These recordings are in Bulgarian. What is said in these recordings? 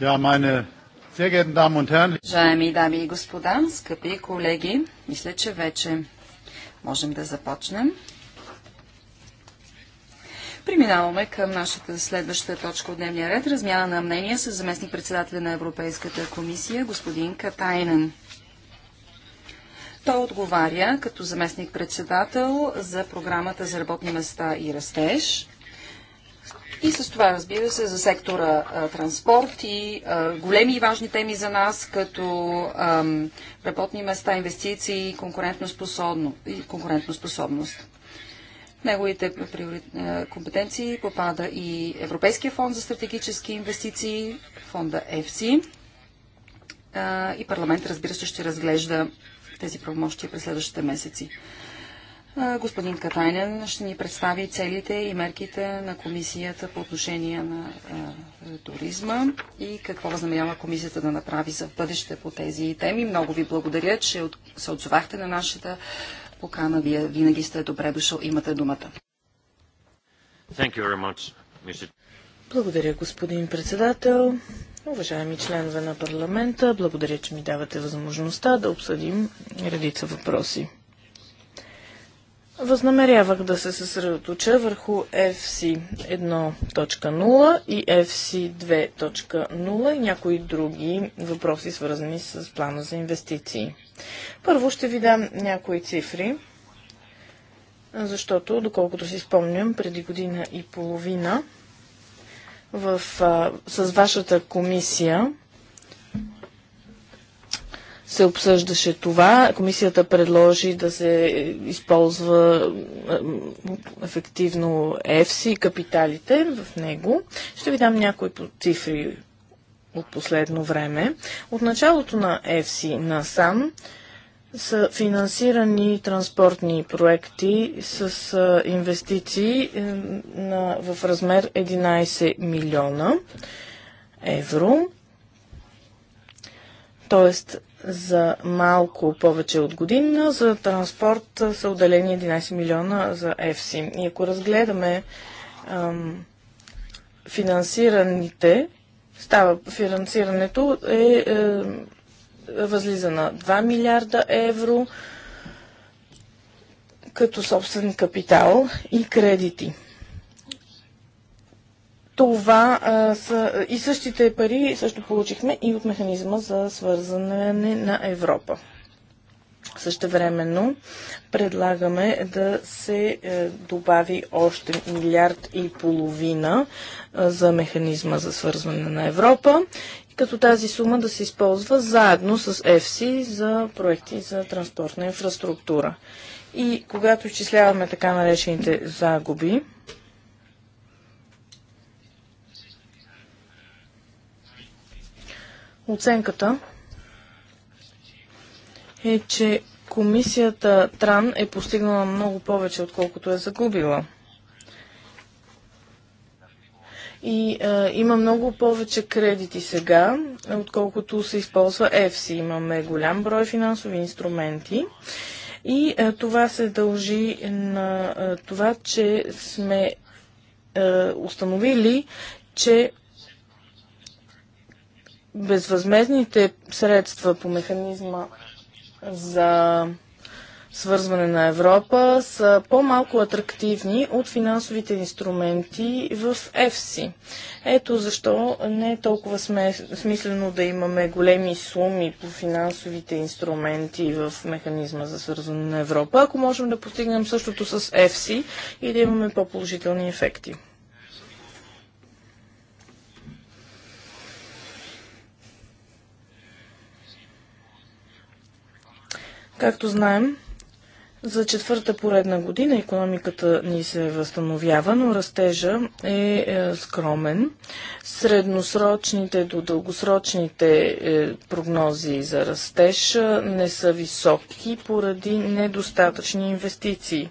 Ja, meine sehr geehrten Damen und Herren. Уважаеми дами и господа, скъпи колеги, мисля, че вече можем да започнем. Преминаваме към нашата следваща точка от дневния ред. Размяна на мнения с заместник председателя на Европейската комисия, господин Катайнен. Той отговаря като заместник председател за програмата за работни места и растеж и с това, разбира се, за сектора а, транспорт и а, големи и важни теми за нас, като а, работни места, инвестиции и конкурентоспособност. В неговите компетенции попада и Европейския фонд за стратегически инвестиции, фонда ЕФСИ. И парламент, разбира се, ще разглежда тези правомощия през следващите месеци. Господин Катайнен ще ни представи целите и мерките на комисията по отношение на туризма и какво възнамерява комисията да направи за бъдеще по тези теми. Много ви благодаря, че от, се отзовахте на нашата покана. Вие винаги сте добре дошъл. Имате думата. Much, благодаря, господин председател. Уважаеми членове на парламента, благодаря, че ми давате възможността да обсъдим редица въпроси. Възнамерявах да се съсредоточа върху FC 1.0 и FC 2.0 и някои други въпроси, свързани с плана за инвестиции. Първо ще ви дам някои цифри, защото, доколкото си спомням, преди година и половина в, а, с вашата комисия се обсъждаше това. Комисията предложи да се използва ефективно ЕФСИ и капиталите в него. Ще ви дам някои цифри от последно време. От началото на ЕФСИ на сам са финансирани транспортни проекти с инвестиции е, на, в размер 11 милиона евро. Тоест за малко повече от година. За транспорт са отделени 11 милиона за ЕФСИ. И ако разгледаме ам, финансираните, става, финансирането е, е възлиза на 2 милиарда евро като собствен капитал и кредити това а, са, и същите пари също получихме и от механизма за свързане на Европа. времено предлагаме да се е, добави още милиард и половина е, за механизма за свързване на Европа, като тази сума да се използва заедно с ЕФСИ за проекти за транспортна инфраструктура. И когато изчисляваме така наречените загуби, Оценката е, че комисията Тран е постигнала много повече, отколкото е загубила. И а, има много повече кредити сега, отколкото се използва EFSI. Имаме голям брой финансови инструменти. И а, това се дължи на а, това, че сме а, установили, че безвъзмезните средства по механизма за свързване на Европа са по-малко атрактивни от финансовите инструменти в ЕФСИ. Ето защо не е толкова смислено да имаме големи суми по финансовите инструменти в механизма за свързване на Европа, ако можем да постигнем същото с ЕФСИ и да имаме по-положителни ефекти. Както знаем, за четвърта поредна година економиката ни се възстановява, но растежа е, е скромен. Средносрочните до дългосрочните е, прогнози за растеж е, не са високи поради недостатъчни инвестиции.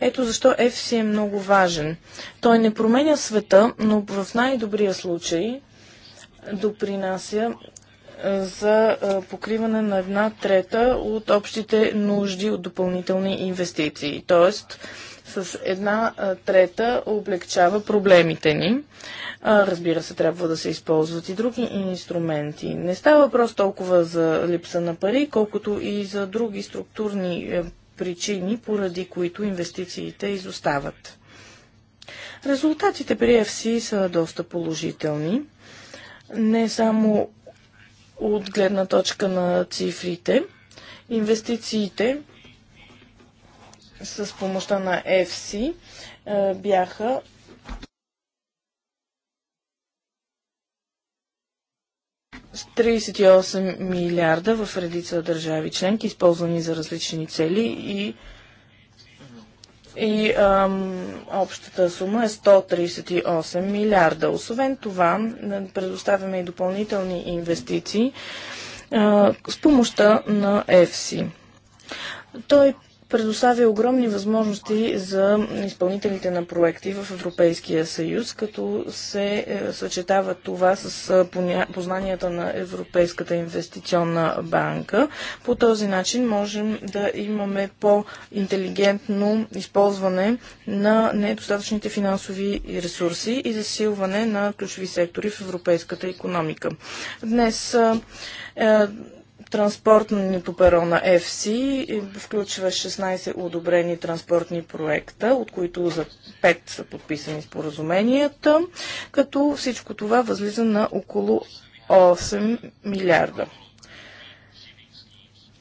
Ето защо FC е много важен. Той не променя света, но в най-добрия случай допринася за покриване на една трета от общите нужди от допълнителни инвестиции. Тоест, с една трета облегчава проблемите ни. Разбира се, трябва да се използват и други инструменти. Не става въпрос толкова за липса на пари, колкото и за други структурни е, причини, поради които инвестициите изостават. Резултатите при FC са доста положителни. Не само от гледна точка на цифрите. Инвестициите с помощта на FC е, бяха с 38 милиарда в редица държави членки, използвани за различни цели и и ам, общата сума е 138 милиарда. Освен това, предоставяме и допълнителни инвестиции а, с помощта на ЕФСИ. Той предоставя огромни възможности за изпълнителите на проекти в Европейския съюз, като се е, съчетава това с е, познанията на Европейската инвестиционна банка. По този начин можем да имаме по-интелигентно използване на недостатъчните финансови ресурси и засилване на ключови сектори в европейската економика. Днес е, Транспортното перо на FC включва 16 одобрени транспортни проекта, от които за 5 са подписани споразуменията, като всичко това възлиза на около 8 милиарда.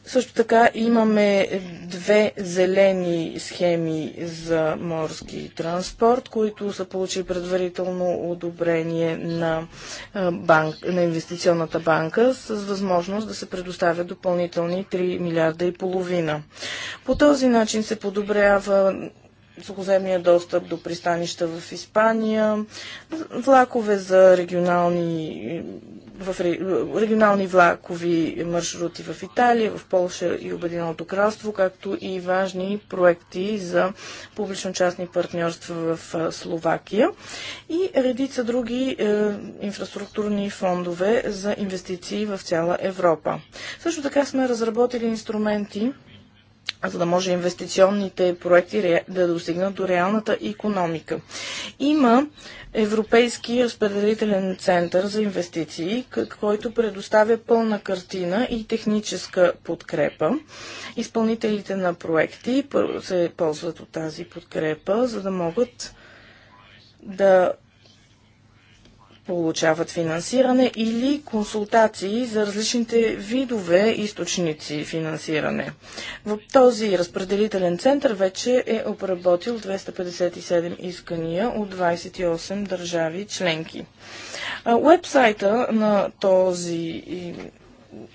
Също така имаме две зелени схеми за морски транспорт, които са получили предварително одобрение на, банк, на инвестиционната банка с възможност да се предоставят допълнителни 3 милиарда и половина. По този начин се подобрява сухоземния достъп до пристанища в Испания, влакове за регионални в регионални влакови маршрути в Италия, в Полша и Обединеното кралство, както и важни проекти за публично-частни партньорства в Словакия и редица други е, инфраструктурни фондове за инвестиции в цяла Европа. Също така сме разработили инструменти за да може инвестиционните проекти да достигнат до реалната економика. Има Европейски разпределителен център за инвестиции, който предоставя пълна картина и техническа подкрепа. Изпълнителите на проекти се ползват от тази подкрепа, за да могат да получават финансиране или консултации за различните видове източници финансиране. В този разпределителен център вече е обработил 257 искания от 28 държави членки. Уебсайта на този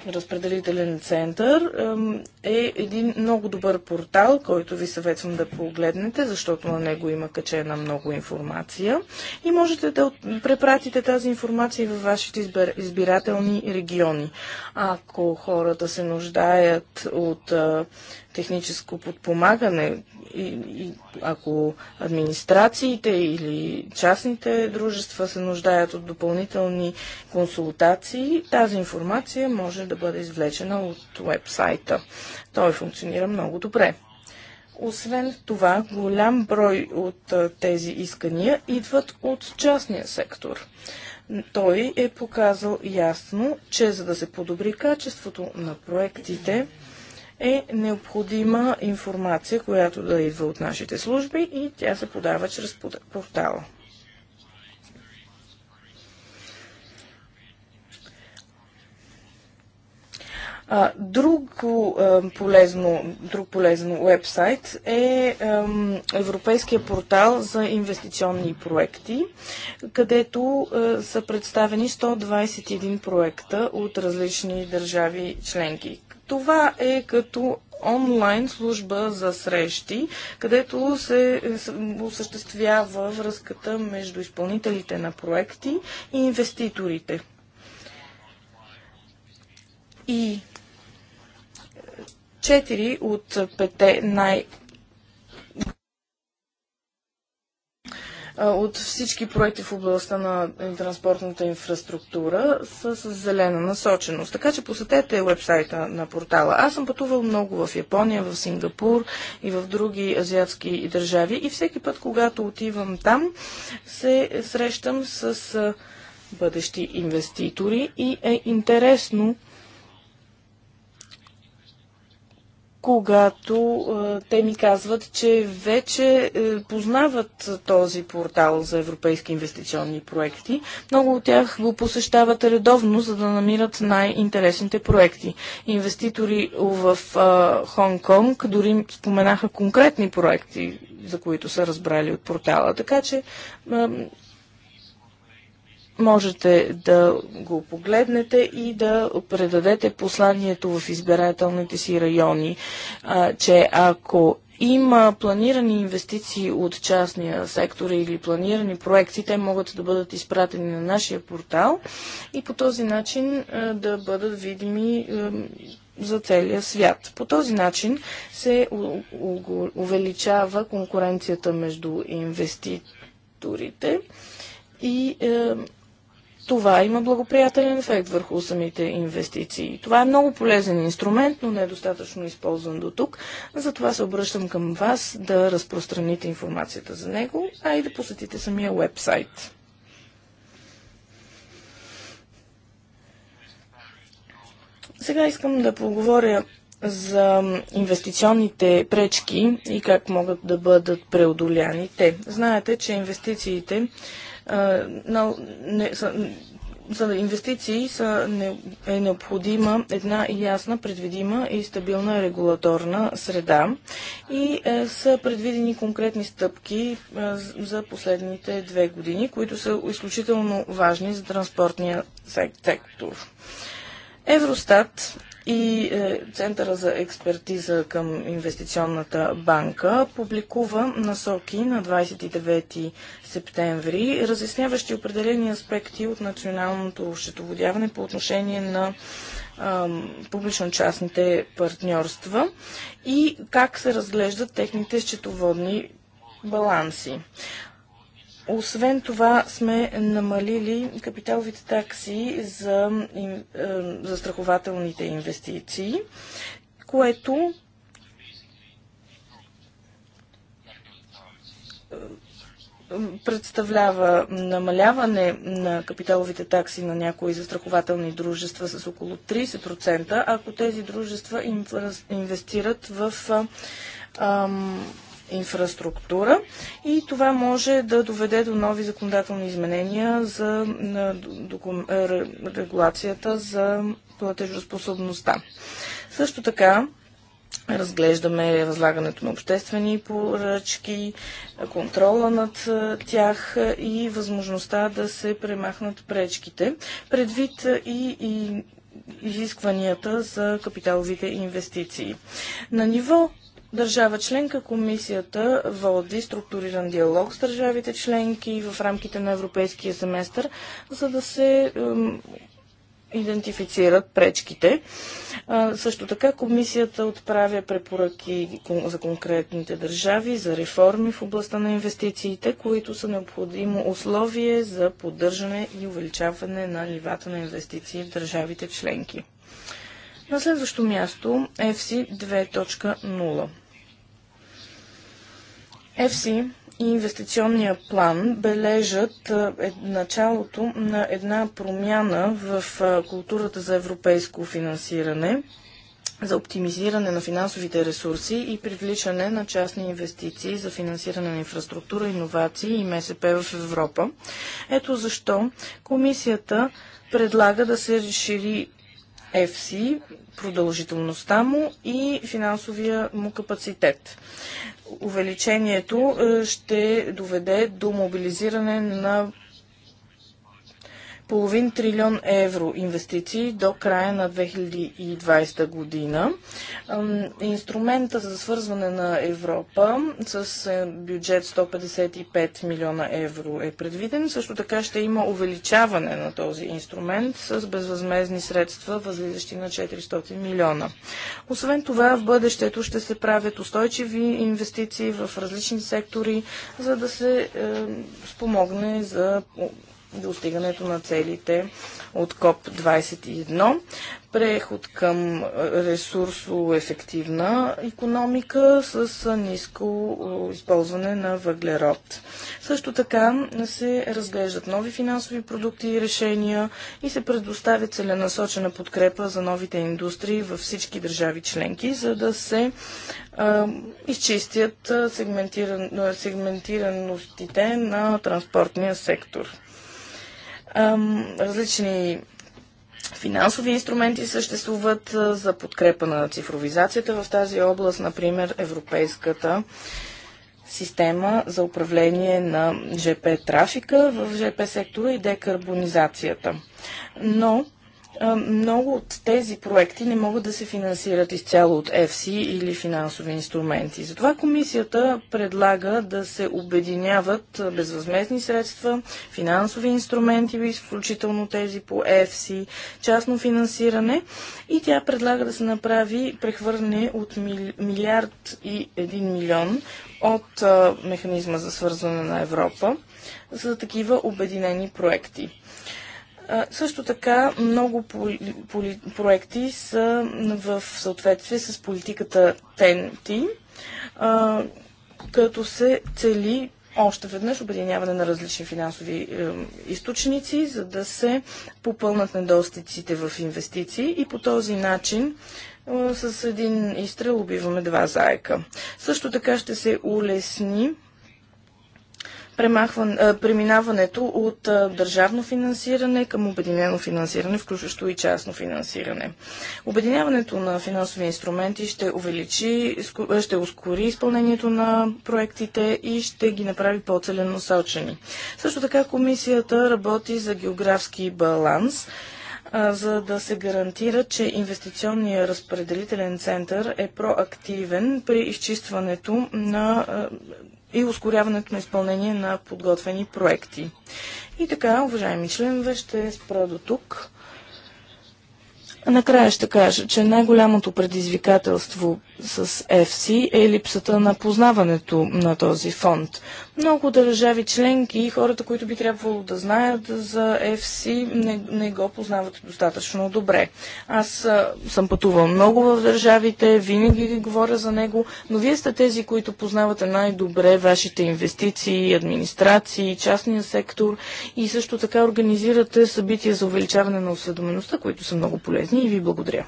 разпределителен център е един много добър портал, който ви съветвам да погледнете, защото на него има качена много информация и можете да препратите тази информация във вашите избирателни региони. Ако хората се нуждаят от техническо подпомагане. И, и ако администрациите или частните дружества се нуждаят от допълнителни консултации, тази информация може да бъде извлечена от вебсайта. Той функционира много добре. Освен това, голям брой от тези искания идват от частния сектор. Той е показал ясно, че за да се подобри качеството на проектите, е необходима информация, която да идва от нашите служби и тя се подава чрез портала. друго, полезно, друг полезен вебсайт е, Европейския портал за инвестиционни проекти, където са представени 121 проекта от различни държави членки. Това е като онлайн служба за срещи, където се осъществява връзката между изпълнителите на проекти и инвеститорите. И четири от пете най- от всички проекти в областта на транспортната инфраструктура с зелена насоченост. Така че посетете вебсайта на портала. Аз съм пътувал много в Япония, в Сингапур и в други азиатски държави и всеки път, когато отивам там, се срещам с бъдещи инвеститори и е интересно когато а, те ми казват, че вече а, е, познават този портал за европейски инвестиционни проекти. Много от тях го посещават редовно, за да намират най-интересните проекти. Инвеститори в Хонг-Конг дори споменаха конкретни проекти, за които са разбрали от портала. Така че а, Можете да го погледнете и да предадете посланието в избирателните си райони, а, че ако има планирани инвестиции от частния сектор или планирани проекти, те могат да бъдат изпратени на нашия портал и по този начин а, да бъдат видими а, за целия свят. По този начин се увеличава конкуренцията между инвеститорите и е, това има благоприятен ефект върху самите инвестиции. Това е много полезен инструмент, но не е достатъчно използван до тук. Затова се обръщам към вас да разпространите информацията за него, а и да посетите самия вебсайт. Сега искам да поговоря за инвестиционните пречки и как могат да бъдат преодоляни те. Знаете, че инвестициите на, не, са, за инвестиции са, не, е необходима една ясна, предвидима и стабилна регулаторна среда и е, са предвидени конкретни стъпки е, за последните две години, които са изключително важни за транспортния сектор. Евростат и е, Центъра за експертиза към инвестиционната банка публикува насоки на 29 септември, разясняващи определени аспекти от националното счетоводяване по отношение на публично-частните партньорства и как се разглеждат техните счетоводни баланси. Освен това сме намалили капиталовите такси за е, застрахователните инвестиции, което е, представлява намаляване на капиталовите такси на някои застрахователни дружества с около 30%, ако тези дружества инвестират в ам, инфраструктура и това може да доведе до нови законодателни изменения за е, регулацията за платежоспособността. Също така, разглеждаме възлагането на обществени поръчки, контрола над е, тях и възможността да се премахнат пречките, предвид е, и, и изискванията за капиталовите инвестиции. На ниво държава членка комисията води структуриран диалог с държавите членки в рамките на европейския семестър, за да се идентифицират пречките. А, също така комисията отправя препоръки за конкретните държави, за реформи в областта на инвестициите, които са необходимо условие за поддържане и увеличаване на нивата на инвестиции в държавите членки. На следващо място FC 2.0. ЕФСИ и инвестиционния план бележат е, началото на една промяна в културата за европейско финансиране, за оптимизиране на финансовите ресурси и привличане на частни инвестиции за финансиране на инфраструктура, иновации и МСП в Европа. Ето защо комисията предлага да се разшири ЕФСИ, продължителността му и финансовия му капацитет увеличението е, ще доведе до мобилизиране на половин трилион евро инвестиции до края на 2020 година. Инструмента за свързване на Европа с е, бюджет 155 милиона евро е предвиден. Също така ще има увеличаване на този инструмент с безвъзмезни средства, възлизащи на 400 милиона. Освен това, в бъдещето ще се правят устойчиви инвестиции в различни сектори, за да се е, спомогне за достигането на целите от КОП-21, преход към ресурсоефективна економика с ниско използване на въглерод. Също така се разглеждат нови финансови продукти и решения и се предоставя целенасочена подкрепа за новите индустрии във всички държави членки, за да се а, изчистят сегментиран, сегментираностите на транспортния сектор. Различни финансови инструменти съществуват за подкрепа на цифровизацията в тази област, например Европейската система за управление на ЖП трафика в ЖП сектора и декарбонизацията. Но много от тези проекти не могат да се финансират изцяло от ЕФСИ или финансови инструменти. Затова комисията предлага да се обединяват безвъзмезни средства, финансови инструменти, включително тези по ЕФСИ, частно финансиране и тя предлага да се направи прехвърляне от милиард и един милион от механизма за свързване на Европа за такива обединени проекти. Също така много поли, поли, проекти са в съответствие с политиката ТНТ, като се цели още веднъж обединяване на различни финансови е, източници, за да се попълнат недостиците в инвестиции и по този начин е, с един изстрел убиваме два заека. Също така ще се улесни премахван, а, преминаването от а, държавно финансиране към обединено финансиране, включващо и частно финансиране. Обединяването на финансови инструменти ще увеличи, ще ускори изпълнението на проектите и ще ги направи по-целенасочени. Също така комисията работи за географски баланс за да се гарантира, че инвестиционният разпределителен център е проактивен при изчистването на и ускоряването на изпълнение на подготвени проекти. И така, уважаеми членове, ще спра до тук. Накрая ще кажа, че най-голямото предизвикателство с FC е липсата на познаването на този фонд. Много държави членки и хората, които би трябвало да знаят за FC, не, не го познават достатъчно добре. Аз съм пътувал много в държавите, винаги говоря за него, но вие сте тези, които познавате най-добре вашите инвестиции, администрации, частния сектор и също така организирате събития за увеличаване на осведомеността, които са много полезни ясни и ви благодаря.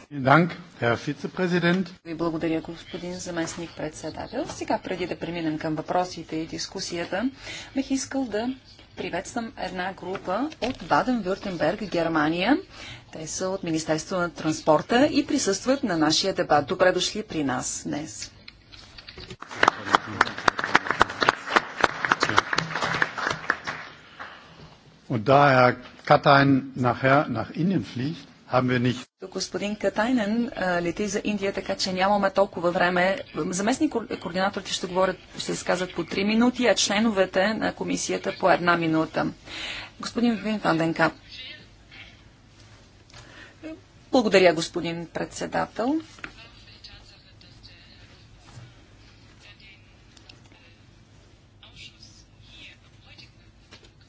Ви благодаря, господин заместник председател. Сега, преди да преминем към въпросите и дискусията, бих искал да приветствам една група от Баден-Вюртенберг, Германия. Те са от Министерство на транспорта и присъстват на нашия дебат. Добре дошли при нас днес. Und da Herr Katain nachher nach Indien fliegt, Господин Катайнен лети за Индия, така че нямаме толкова време. Заместни координаторите ще говорят, ще казват по 3 минути, а членовете на комисията по една минута. Господин Вин Благодаря, господин председател.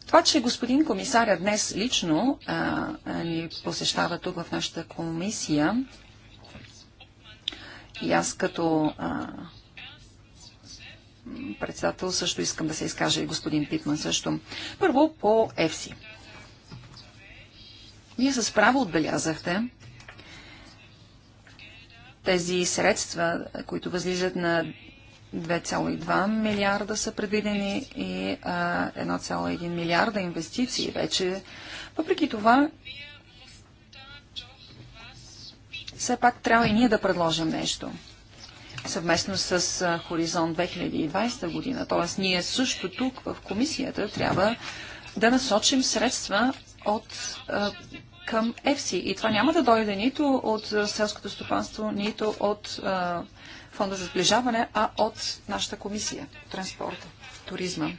Това, че господин комисаря днес лично а, а, ни посещава тук в нашата комисия, и аз като а, председател също искам да се изкаже и господин Питман също. Първо по ЕФСИ. Вие с право отбелязахте тези средства, които възлизат на 2,2 милиарда са предвидени и 1,1 милиарда инвестиции вече. Въпреки това, все пак трябва и ние да предложим нещо съвместно с Хоризонт 2020 година. Т.е. ние също тук в комисията трябва да насочим средства от, към ЕФСИ. И това няма да дойде нито от селското стопанство, нито от фонда за сближаване, а от нашата комисия транспорта, туризма.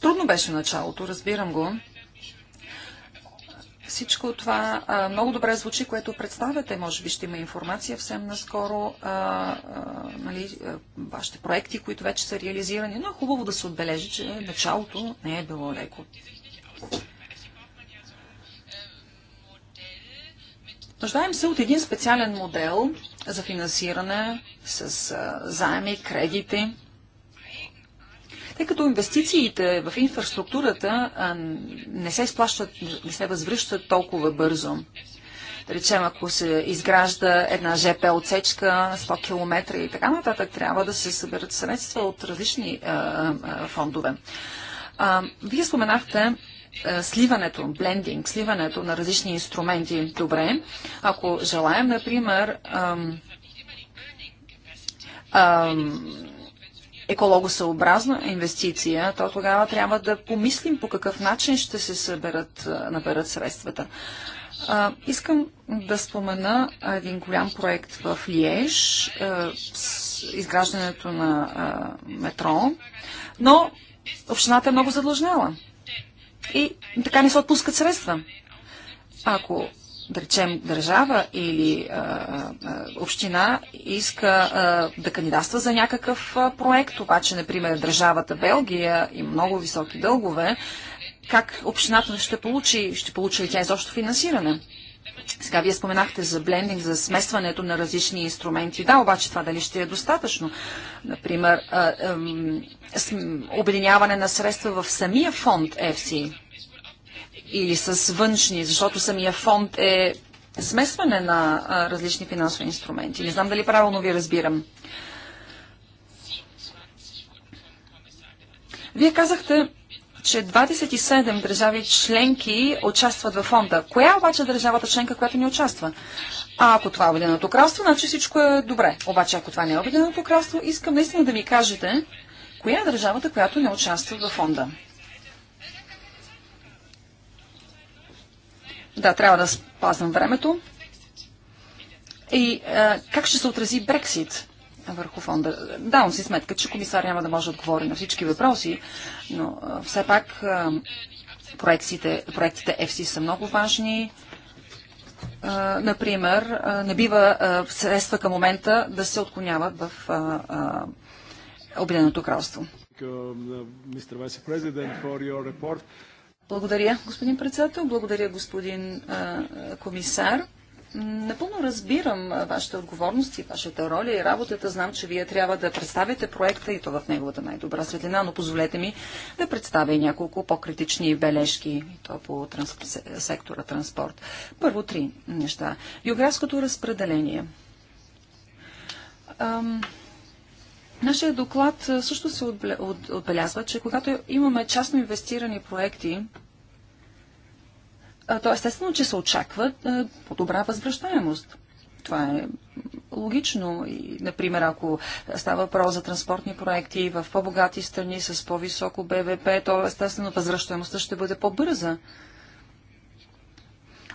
Трудно беше началото, разбирам го. Всичко това а, много добре звучи, което представяте. Може би ще има информация всем наскоро, а, а, нали, вашите проекти, които вече са реализирани, но е хубаво да се отбележи, че началото не е било леко. Нуждаем се от един специален модел, за финансиране с а, заеми, кредити. Тъй като инвестициите в инфраструктурата а, не се изплащат, не се възвръщат толкова бързо. Да речем, ако се изгражда една ЖП отсечка 100 км и така нататък, трябва да се съберат средства от различни а, а, фондове. А, вие споменахте е, сливането, блендинг, сливането на различни инструменти. Добре, ако желаем, например, екологосъобразна инвестиция, то тогава трябва да помислим по какъв начин ще се съберат, наберат средствата. искам да спомена един голям проект в Лиеж, с изграждането на метро, но общината е много задлъжняла и така не се отпускат средства. Ако да речем държава или а, а, община иска а, да кандидатства за някакъв а, проект, обаче, например, държавата Белгия и много високи дългове, как общината ще получи, ще получи ли тя изобщо финансиране? Сега вие споменахте за блендинг, за смесването на различни инструменти. Да, обаче това дали ще е достатъчно? Например, обединяване на средства в самия фонд FC или с външни, защото самия фонд е смесване на различни финансови инструменти. Не знам дали правилно ви разбирам. Вие казахте, че 27 държави членки участват във фонда. Коя е обаче държавата членка, която не участва? А ако това е Обединеното кралство, значи всичко е добре. Обаче ако това не е Обединеното кралство, искам наистина да ми кажете, коя е държавата, която не участва във фонда. Да, трябва да спазвам времето. И а, е, как ще се отрази Брексит? върху фонда. Давам си сметка, че комисар няма да може да отговори на всички въпроси, но все пак проектите, проектите FC са много важни. Например, не бива средства към момента да се отклоняват в Обединеното кралство. Благодаря, господин председател. Благодаря, господин комисар. Напълно разбирам вашите отговорности, вашата роля и работата. Знам, че вие трябва да представите проекта и то в неговата най-добра светлина, но позволете ми да представя и няколко по-критични бележки, и то по транс... сектора транспорт. Първо три неща. Географското разпределение. Ам... Нашия доклад също се отбелязва, че когато имаме частно инвестирани проекти, то естествено, че се очаква по-добра възвръщаемост. Това е логично. И, например, ако става въпрос за транспортни проекти в по-богати страни с по-високо БВП, то естествено възвръщаемостта ще бъде по-бърза.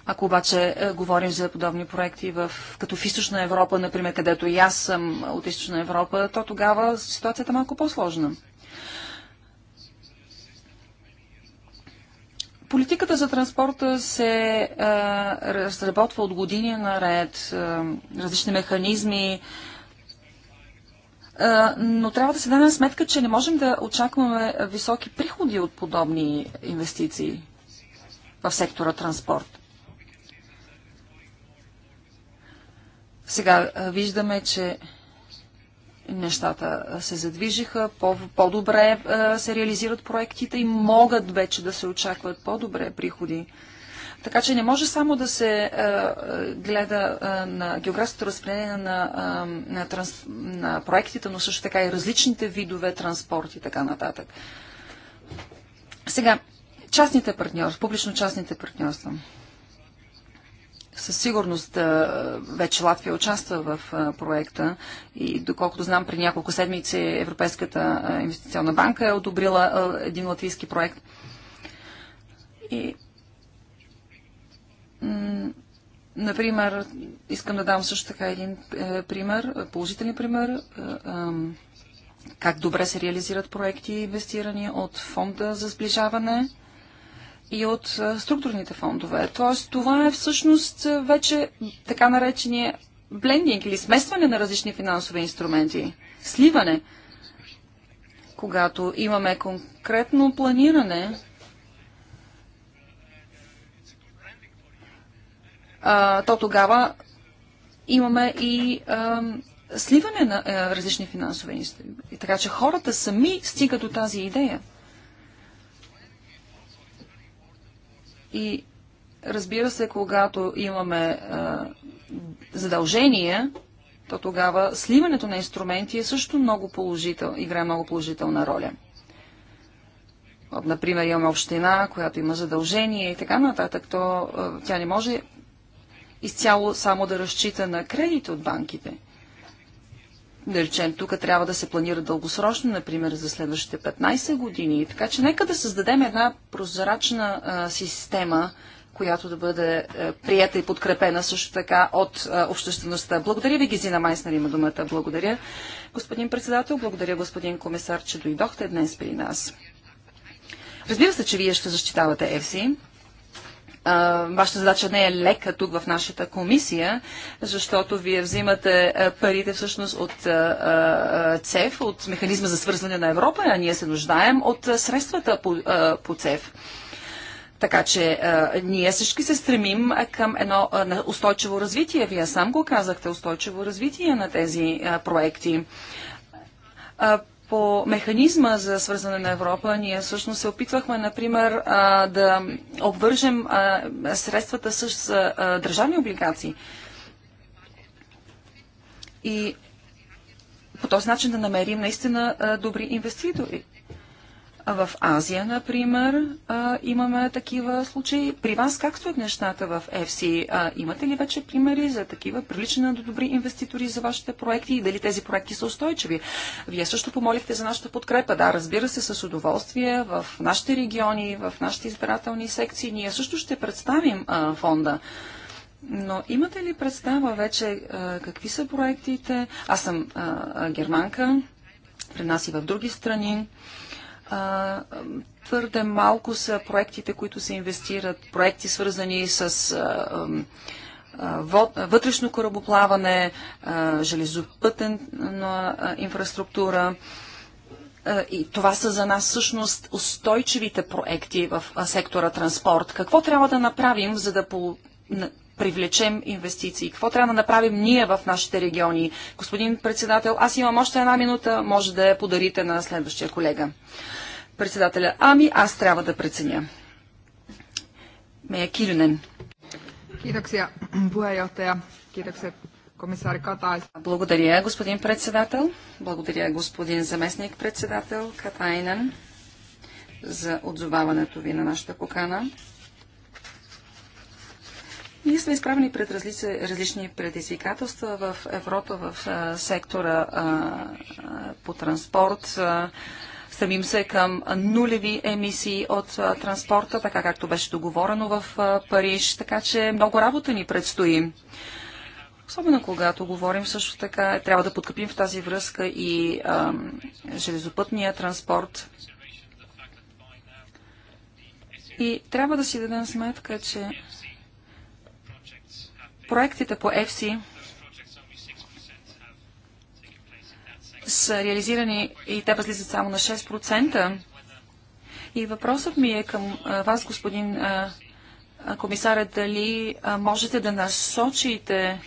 Ако обаче е, говорим за подобни проекти в, като в Източна Европа, например, където и аз съм от Източна Европа, то тогава ситуацията е малко по-сложна. Политиката за транспорта се а, е, разработва от години наред, а, е, различни механизми, а, е, но трябва да се даде сметка, че не можем да очакваме високи приходи от подобни инвестиции в сектора транспорт. Сега виждаме, че нещата се задвижиха, по-добре по е, се реализират проектите и могат вече да се очакват по-добре приходи. Така че не може само да се а, е, е, гледа а, на географското разпределение на, на, транс, на проектите, но също така и различните видове транспорт и така нататък. Сега, частните партньорства, публично-частните партньорства. Със сигурност вече Латвия участва в проекта и доколкото знам, при няколко седмици Европейската инвестиционна банка е одобрила един латвийски проект. И, например, искам да дам също така един е, пример, положителен пример е, как добре се реализират проекти, инвестирани от фонда за сближаване и от структурните фондове. Тоест, това е всъщност вече така наречения блендинг или смесване на различни финансови инструменти, сливане. Когато имаме конкретно планиране, то тогава имаме и сливане на различни финансови инструменти. Така че хората сами стигат до тази идея. И разбира се, когато имаме а, задължения, то тогава сливането на инструменти е също много положител, играе много положителна роля. например, имаме община, която има задължение и така нататък, то а, тя не може изцяло само да разчита на кредит от банките да речем, тук трябва да се планира дългосрочно, например, за следващите 15 години. Така че нека да създадем една прозрачна а, система, която да бъде а, прията и подкрепена също така от а, обществеността. Благодаря ви, Гизина Майснер има думата. Благодаря, господин председател. Благодаря, господин комисар, че дойдохте днес при нас. Разбира се, че вие ще защитавате ЕФСИ вашата задача не е лека тук в нашата комисия, защото вие взимате парите всъщност от ЦЕФ, от механизма за свързване на Европа, а ние се нуждаем от средствата по, по ЦЕФ. Така че а, ние всички се стремим към едно а, устойчиво развитие. Вие сам го казахте, устойчиво развитие на тези а, проекти. А, по механизма за свързане на Европа, ние всъщност се опитвахме, например, да обвържем средствата с държавни облигации. И по този начин да намерим наистина добри инвеститори. В Азия, например, имаме такива случаи. При вас как стоят нещата в FC? Имате ли вече примери за такива прилични до добри инвеститори за вашите проекти и дали тези проекти са устойчиви? Вие също помолихте за нашата подкрепа. Да, разбира се, с удоволствие в нашите региони, в нашите избирателни секции. Ние също ще представим фонда. Но имате ли представа вече какви са проектите? Аз съм германка, при нас и в други страни твърде малко са проектите, които се инвестират, проекти свързани с а, а, вътрешно корабоплаване, железопътен инфраструктура. И това са за нас всъщност устойчивите проекти в сектора транспорт. Какво трябва да направим, за да по привлечем инвестиции? Какво трябва да направим ние в нашите региони? Господин председател, аз имам още една минута, може да я подарите на следващия колега. Председателя, ами аз трябва да преценя. Мея Килюнен. Благодаря, господин председател. Благодаря, господин заместник председател Катайнен за отзоваването ви на нашата покана. Ние сме изправени пред различни, различни предизвикателства в Европа, в а, сектора а, по транспорт, а, Стремим се към нулеви емисии от транспорта, така както беше договорено в Париж, така че много работа ни предстои. Особено когато говорим също така, трябва да подкрепим в тази връзка и а, железопътния транспорт. И трябва да си дадем сметка, че проектите по EFSI са реализирани и те възлизат само на 6%. И въпросът ми е към вас, господин комисаря, дали можете да насочите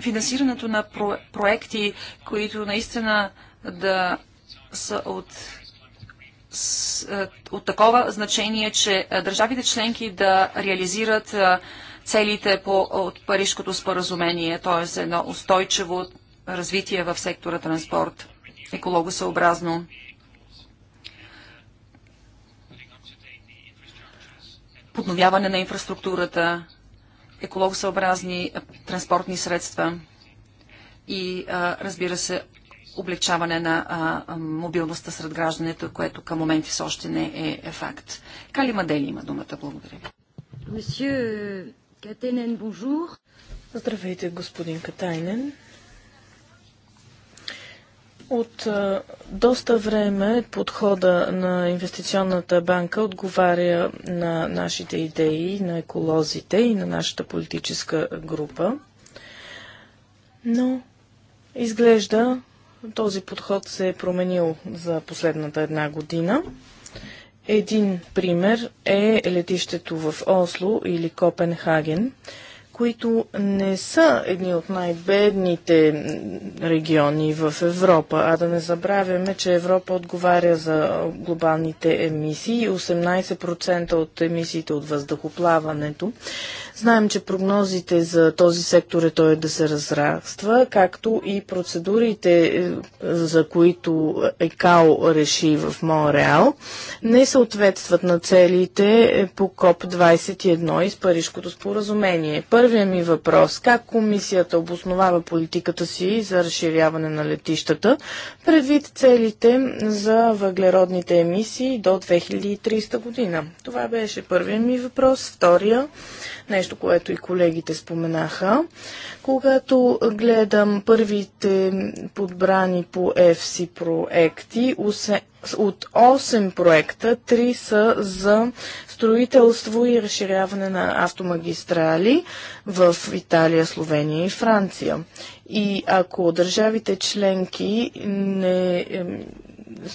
финансирането на проекти, които наистина да са от от такова значение, че държавите членки да реализират целите по, от Парижкото споразумение, т.е. едно устойчиво развитие в сектора транспорт екологосъобразно. Подновяване на инфраструктурата, екологосъобразни транспортни средства и, разбира се, облегчаване на а, мобилността сред гражданите, което към моменти все още не е, е факт. Кали Мадели има думата. Благодаря. Здравейте, господин Катайнен. От а, доста време подхода на инвестиционната банка отговаря на нашите идеи, на еколозите и на нашата политическа група. Но изглежда този подход се е променил за последната една година. Един пример е летището в Осло или Копенхаген – които не са едни от най-бедните региони в Европа. А да не забравяме, че Европа отговаря за глобалните емисии, 18% от емисиите от въздухоплаването. Знаем, че прогнозите за този сектор е той да се разраства, както и процедурите, е, за които ЕКАО реши в Монреал, не съответстват на целите по КОП-21 и с Парижкото споразумение. Първият ми въпрос – как комисията обосновава политиката си за разширяване на летищата, предвид целите за въглеродните емисии до 2030 година? Това беше първият ми въпрос. Втория – нещо, което и колегите споменаха. Когато гледам първите подбрани по FC проекти, от 8 проекта, 3 са за строителство и разширяване на автомагистрали в Италия, Словения и Франция. И ако държавите членки не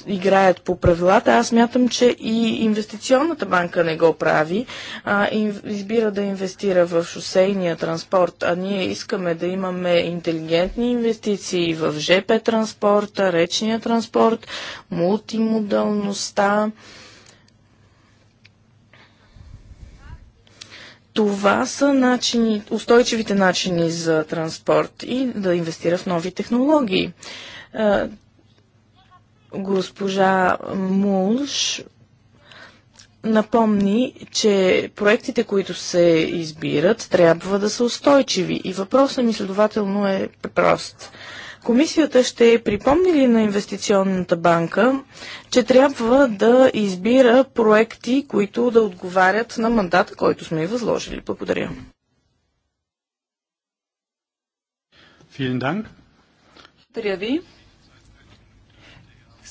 играят по правилата. Аз мятам, че и инвестиционната банка не го прави, а избира да инвестира в шосейния транспорт, а ние искаме да имаме интелигентни инвестиции в ЖП транспорта, речния транспорт, мултимодалността. Това са начини, устойчивите начини за транспорт и да инвестира в нови технологии госпожа Мулш напомни, че проектите, които се избират, трябва да са устойчиви и въпросът ми следователно е прост. Комисията ще припомни ли на инвестиционната банка, че трябва да избира проекти, които да отговарят на мандата, който сме и възложили? Благодаря. Благодаря ви.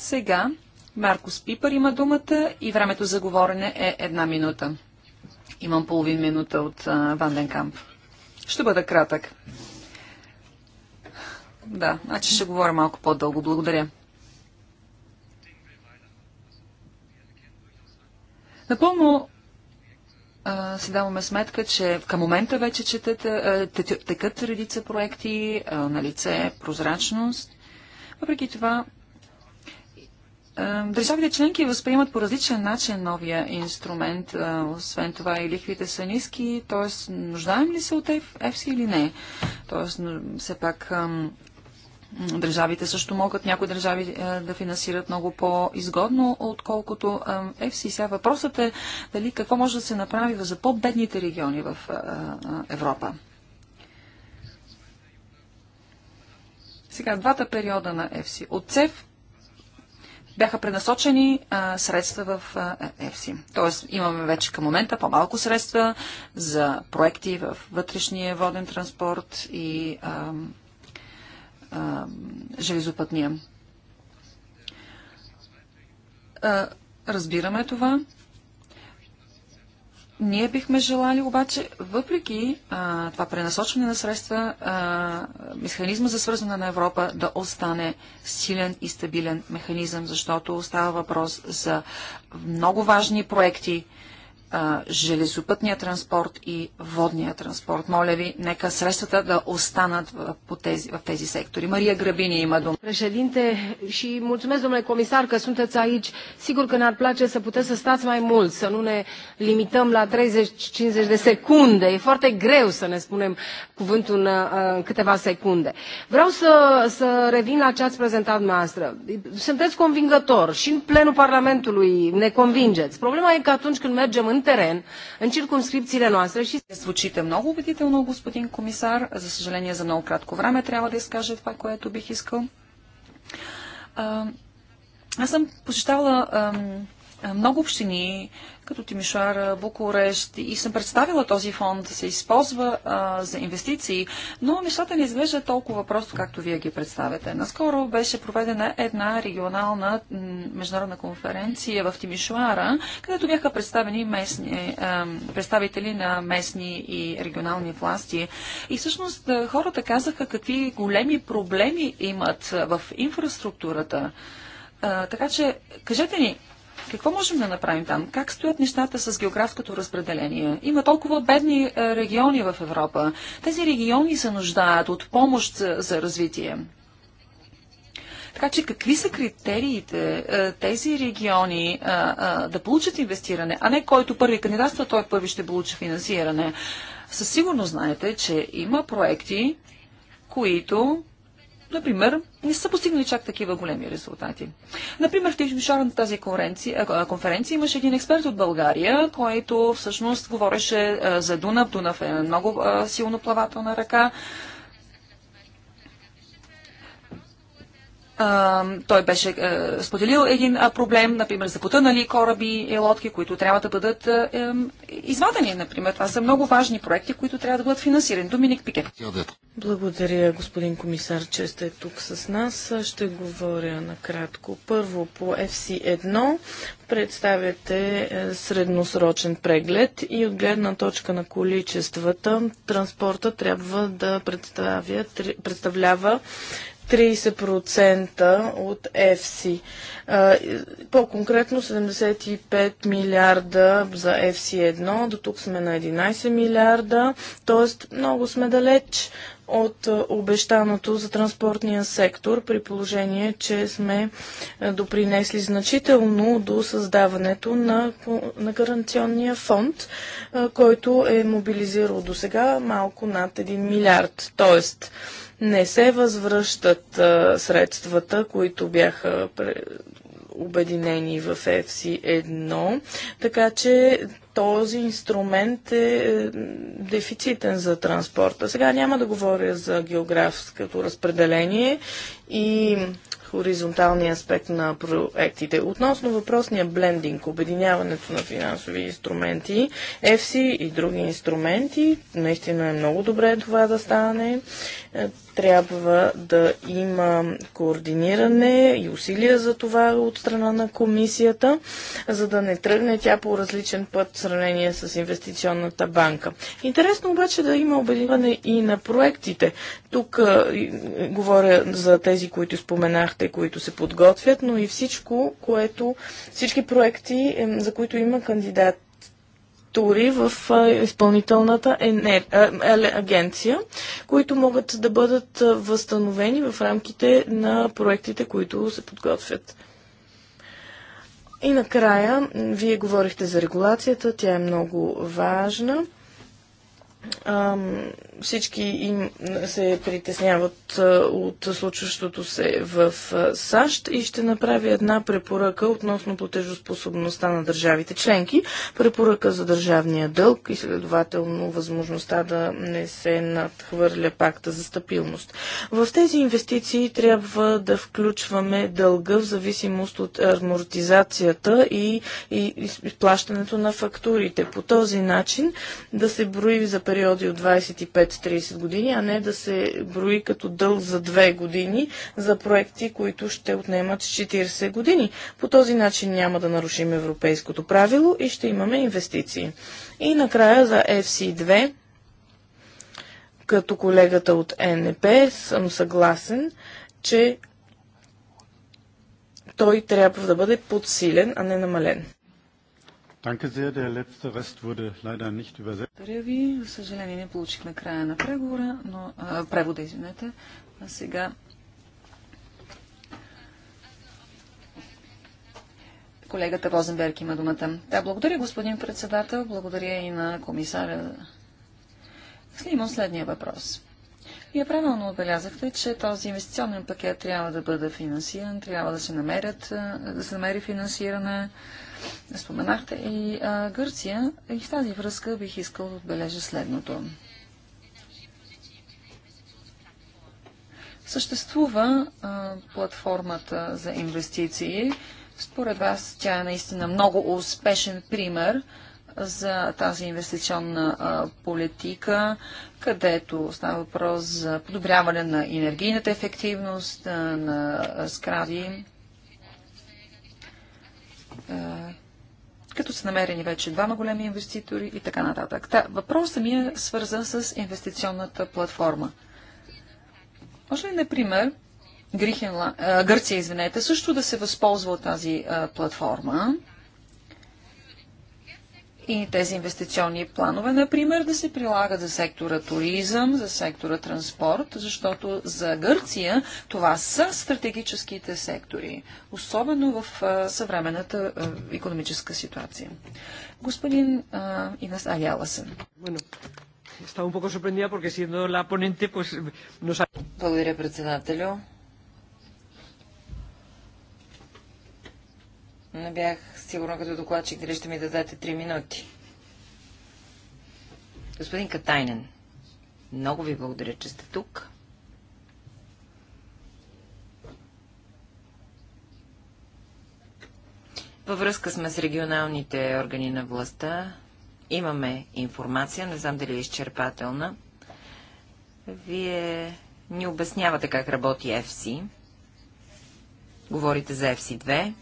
Сега Маркус Пипър има думата и времето за говорене е една минута. Имам половин минута от а, Ванденкамп. Ще бъда кратък. Да, значи ще говоря малко по-дълго. Благодаря. Напълно а, си даваме сметка, че към момента вече четете, текат редица проекти, а, на лице е прозрачност. Въпреки това, е, държавите членки възприемат по различен начин новия инструмент. Е, освен това и лихвите са ниски, т.е. нуждаем ли се от ЕФСИ или не? Т.е. все пак държавите също могат, някои държави е, да финансират много по-изгодно, отколкото ЕФСИ. Сега въпросът е дали какво може да се направи за по-бедните региони в Европа. Сега, двата периода на ЕФСИ. От ЦЕФ бяха пренасочени а, средства в а, ЕФСИ. Тоест имаме вече към момента по-малко средства за проекти в вътрешния воден транспорт и а, а, железопътния. А, разбираме това ние бихме желали обаче, въпреки а, това пренасочване на средства, а, механизма за свързване на Европа да остане силен и стабилен механизъм, защото става въпрос за много важни проекти, а, железопътния транспорт и водния транспорт. Моля ви, нека средствата да останат в, по тези, в тези сектори. Мария Грабини има дума. Președинте, și mulțumesc, domnule comisar, că sunteți aici. Sigur că ne-ar place să puteți să stați mai mult, să nu ne limităm la 30-50 de secunde. E foarte greu să ne spunem cuvântul în, în câteva secunde. Vreau să, să revin la ce ați prezentat dumneavoastră. Sunteți convingător și în plenul Parlamentului ne convingeți. Problema e că atunci când mergem în în teren, în circumscripțiile noastre Звучите много убедително, господин комисар. За съжаление, за много кратко време трябва да изкажа това, което бих искал. Аз съм посещавала много общини, като Тимишоар, Букурещ и съм представила този фонд да се използва а, за инвестиции, но нещата не изглеждат толкова просто, както вие ги представяте. Наскоро беше проведена една регионална международна конференция в Тимишоара, където бяха представени местни, а, представители на местни и регионални власти. И всъщност хората казаха какви големи проблеми имат в инфраструктурата. А, така че, кажете ни, какво можем да направим там? Как стоят нещата с географското разпределение? Има толкова бедни е, региони в Европа. Тези региони се нуждаят от помощ е, за развитие. Така че какви са критериите е, тези региони да получат инвестиране, а не който първи кандидатства, той първи ще получи финансиране? Със сигурност знаете, че има проекти, които например, не са постигнали чак такива големи резултати. Например, в Тишмишарната тази конференция имаше един експерт от България, който всъщност говореше за Дунав. Дунав е много силно плавателна ръка. Той беше споделил един проблем, например, за потънали кораби и лодки, които трябва да бъдат извадени, например. Това са много важни проекти, които трябва да бъдат финансирани. Доминик Пике. Благодаря, господин комисар, че сте тук с нас. Ще говоря накратко. Първо по FC1 представяте е, средносрочен преглед и от гледна точка на количествата транспорта трябва да представя, представлява 30% от ЕФСИ. По-конкретно 75 милиарда за ЕФСИ 1, до тук сме на 11 милиарда, т.е. много сме далеч от е, обещаното за транспортния сектор, при положение, че сме е, допринесли значително до създаването на, на гаранционния фонд, е, който е мобилизирал до сега малко над 1 милиард. Тоест, не се възвръщат средствата, които бяха обединени в FC1, така че този инструмент е, е дефицитен за транспорта. Сега няма да говоря за географското разпределение и хоризонталния аспект на проектите. Относно въпросния блендинг, обединяването на финансови инструменти, EFSI и други инструменти, наистина е много добре това да стане. Е, трябва да има координиране и усилия за това от страна на комисията, за да не тръгне тя по различен път в сравнение с инвестиционната банка. Интересно обаче да има обединяване и на проектите. Тук а, е, говоря за тези, които споменахте, които се подготвят, но и всичко, което, всички проекти, е, за които има кандидат структури в изпълнителната енер... агенция, които могат да бъдат възстановени в рамките на проектите, които се подготвят. И накрая, вие говорихте за регулацията, тя е много важна всички се притесняват е, от случващото се в е, САЩ и ще направя една препоръка относно платежоспособността на държавите членки, препоръка за държавния дълг и следователно възможността да не се надхвърля пакта за стабилност. В тези инвестиции трябва да включваме дълга в зависимост от амортизацията и, и изплащането на фактурите. По този начин да се брои за периоди от 25 30 години, а не да се брои като дълг за 2 години за проекти, които ще отнемат 40 години. По този начин няма да нарушим европейското правило и ще имаме инвестиции. И накрая за FC2, като колегата от НП, съм съгласен, че той трябва да бъде подсилен, а не намален. Благодаря ви. За съжаление не получихме края на преговора, но, а, превода, извинете. А сега колегата Розенберг има думата. Да, благодаря, господин председател. Благодаря и на комисаря. Снимам следния въпрос. Вие правилно отбелязахте, че този инвестиционен пакет трябва да бъде финансиран, трябва да се, намерят, да се намери финансиране, Споменахте и а, Гърция. И в тази връзка бих искал да отбележа следното. Съществува а, платформата за инвестиции. Според вас тя е наистина много успешен пример за тази инвестиционна а, политика, където става въпрос за подобряване на енергийната ефективност а, на сгради, като са намерени вече двама големи инвеститори и така нататък. Та, въпросът ми е свързан с инвестиционната платформа. Може ли, например, Грихенла... Гърция, извинете, също да се възползва от тази платформа и тези инвестиционни планове, например, да се прилагат за сектора туризъм, за сектора транспорт, защото за Гърция това са стратегическите сектори, особено в съвременната економическа ситуация. Господин а, Инес Аяласен. Благодаря, председателю. Не бях сигурно като докладчик дали ще ми дадете 3 минути. Господин Катайнен, много ви благодаря, че сте тук. Във връзка сме с регионалните органи на властта. Имаме информация, не знам дали е изчерпателна. Вие ни обяснявате как работи ФСИ. Говорите за FC2.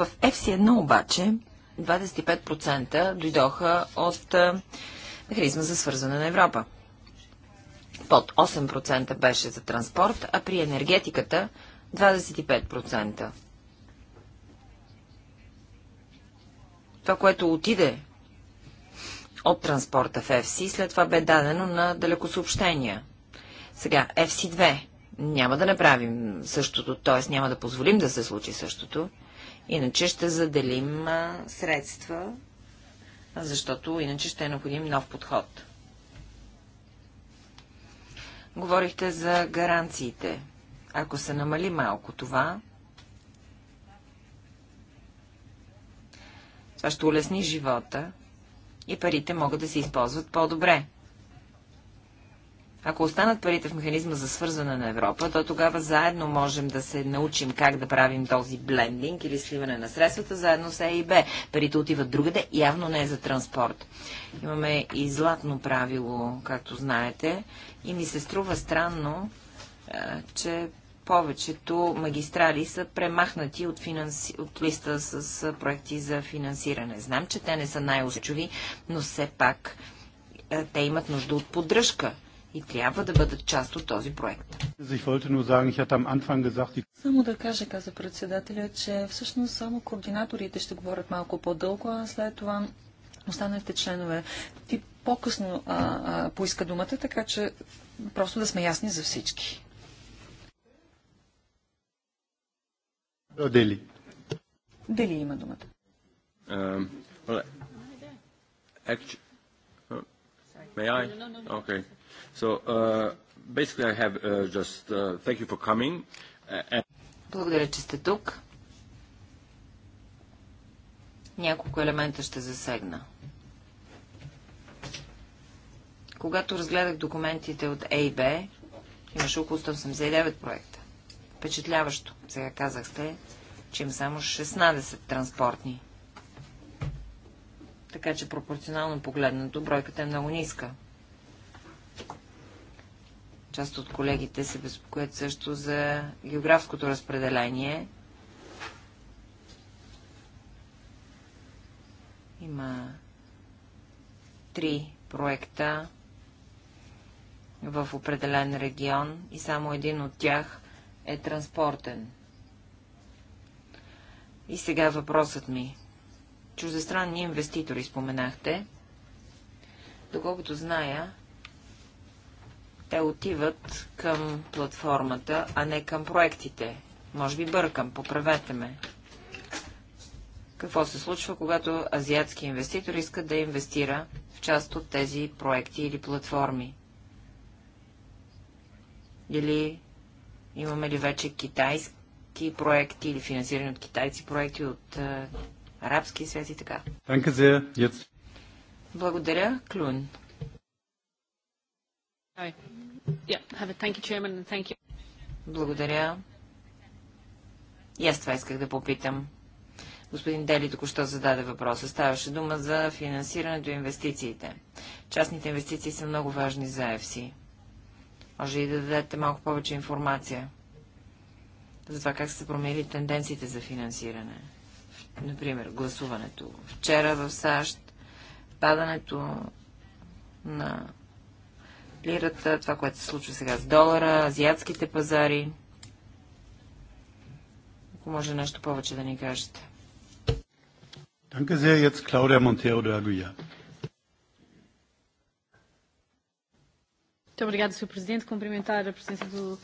В FC1 обаче 25% дойдоха от механизма за свързване на Европа. Под 8% беше за транспорт, а при енергетиката 25%. Това, което отиде от транспорта в FC, след това бе дадено на далекосъобщения. Сега, FC2. Няма да направим същото, т.е. няма да позволим да се случи същото. Иначе ще заделим средства, защото иначе ще е необходим нов подход. Говорихте за гаранциите. Ако се намали малко това, това ще улесни живота и парите могат да се използват по-добре. Ако останат парите в механизма за свързване на Европа, то тогава заедно можем да се научим как да правим този блендинг или сливане на средствата заедно с ЕИБ. Парите отиват другаде, явно не е за транспорт. Имаме и златно правило, както знаете, и ми се струва странно, че повечето магистрали са премахнати от, финанси... от листа с проекти за финансиране. Знам, че те не са най-устойчиви, но все пак те имат нужда от поддръжка и трябва да бъдат част от този проект. Само да кажа, каза председателя, че всъщност само координаторите ще говорят малко по-дълго, а след това останалите членове. Ти по-късно поиска думата, така че просто да сме ясни за всички. Дели. Дели има думата. Um, е, well, actually, uh, may I? No, no, no, Okay. Uh, uh, uh, Благодаря, че сте тук. Няколко елемента ще засегна. Когато разгледах документите от ЕИБ, имаше около 189 проекта. Впечатляващо. Сега казахте, че има само 16 транспортни. Така че пропорционално погледнато бройката е много ниска. Част от колегите се безпокоят също за географското разпределение. Има три проекта в определен регион и само един от тях е транспортен. И сега въпросът ми. Чуждестранни инвеститори споменахте. Доколкото зная, те отиват към платформата, а не към проектите. Може би бъркам, поправете ме. Какво се случва, когато азиатски инвеститор иска да инвестира в част от тези проекти или платформи? Или имаме ли вече китайски проекти или финансирани от китайци проекти от е, арабски свет и така? Благодаря, Клюн. Благодаря. И аз това исках да попитам. Господин Дели току-що зададе въпроса. Ставаше дума за финансирането и инвестициите. Частните инвестиции са много важни за ЕФСИ. Може и да дадете малко повече информация за това как се променили тенденциите за финансиране. Например, гласуването. Вчера в САЩ падането на лирата, това, което се случва сега с долара, азиатските пазари. Ако може нещо повече да ни кажете. Danke sehr, jetzt Claudia de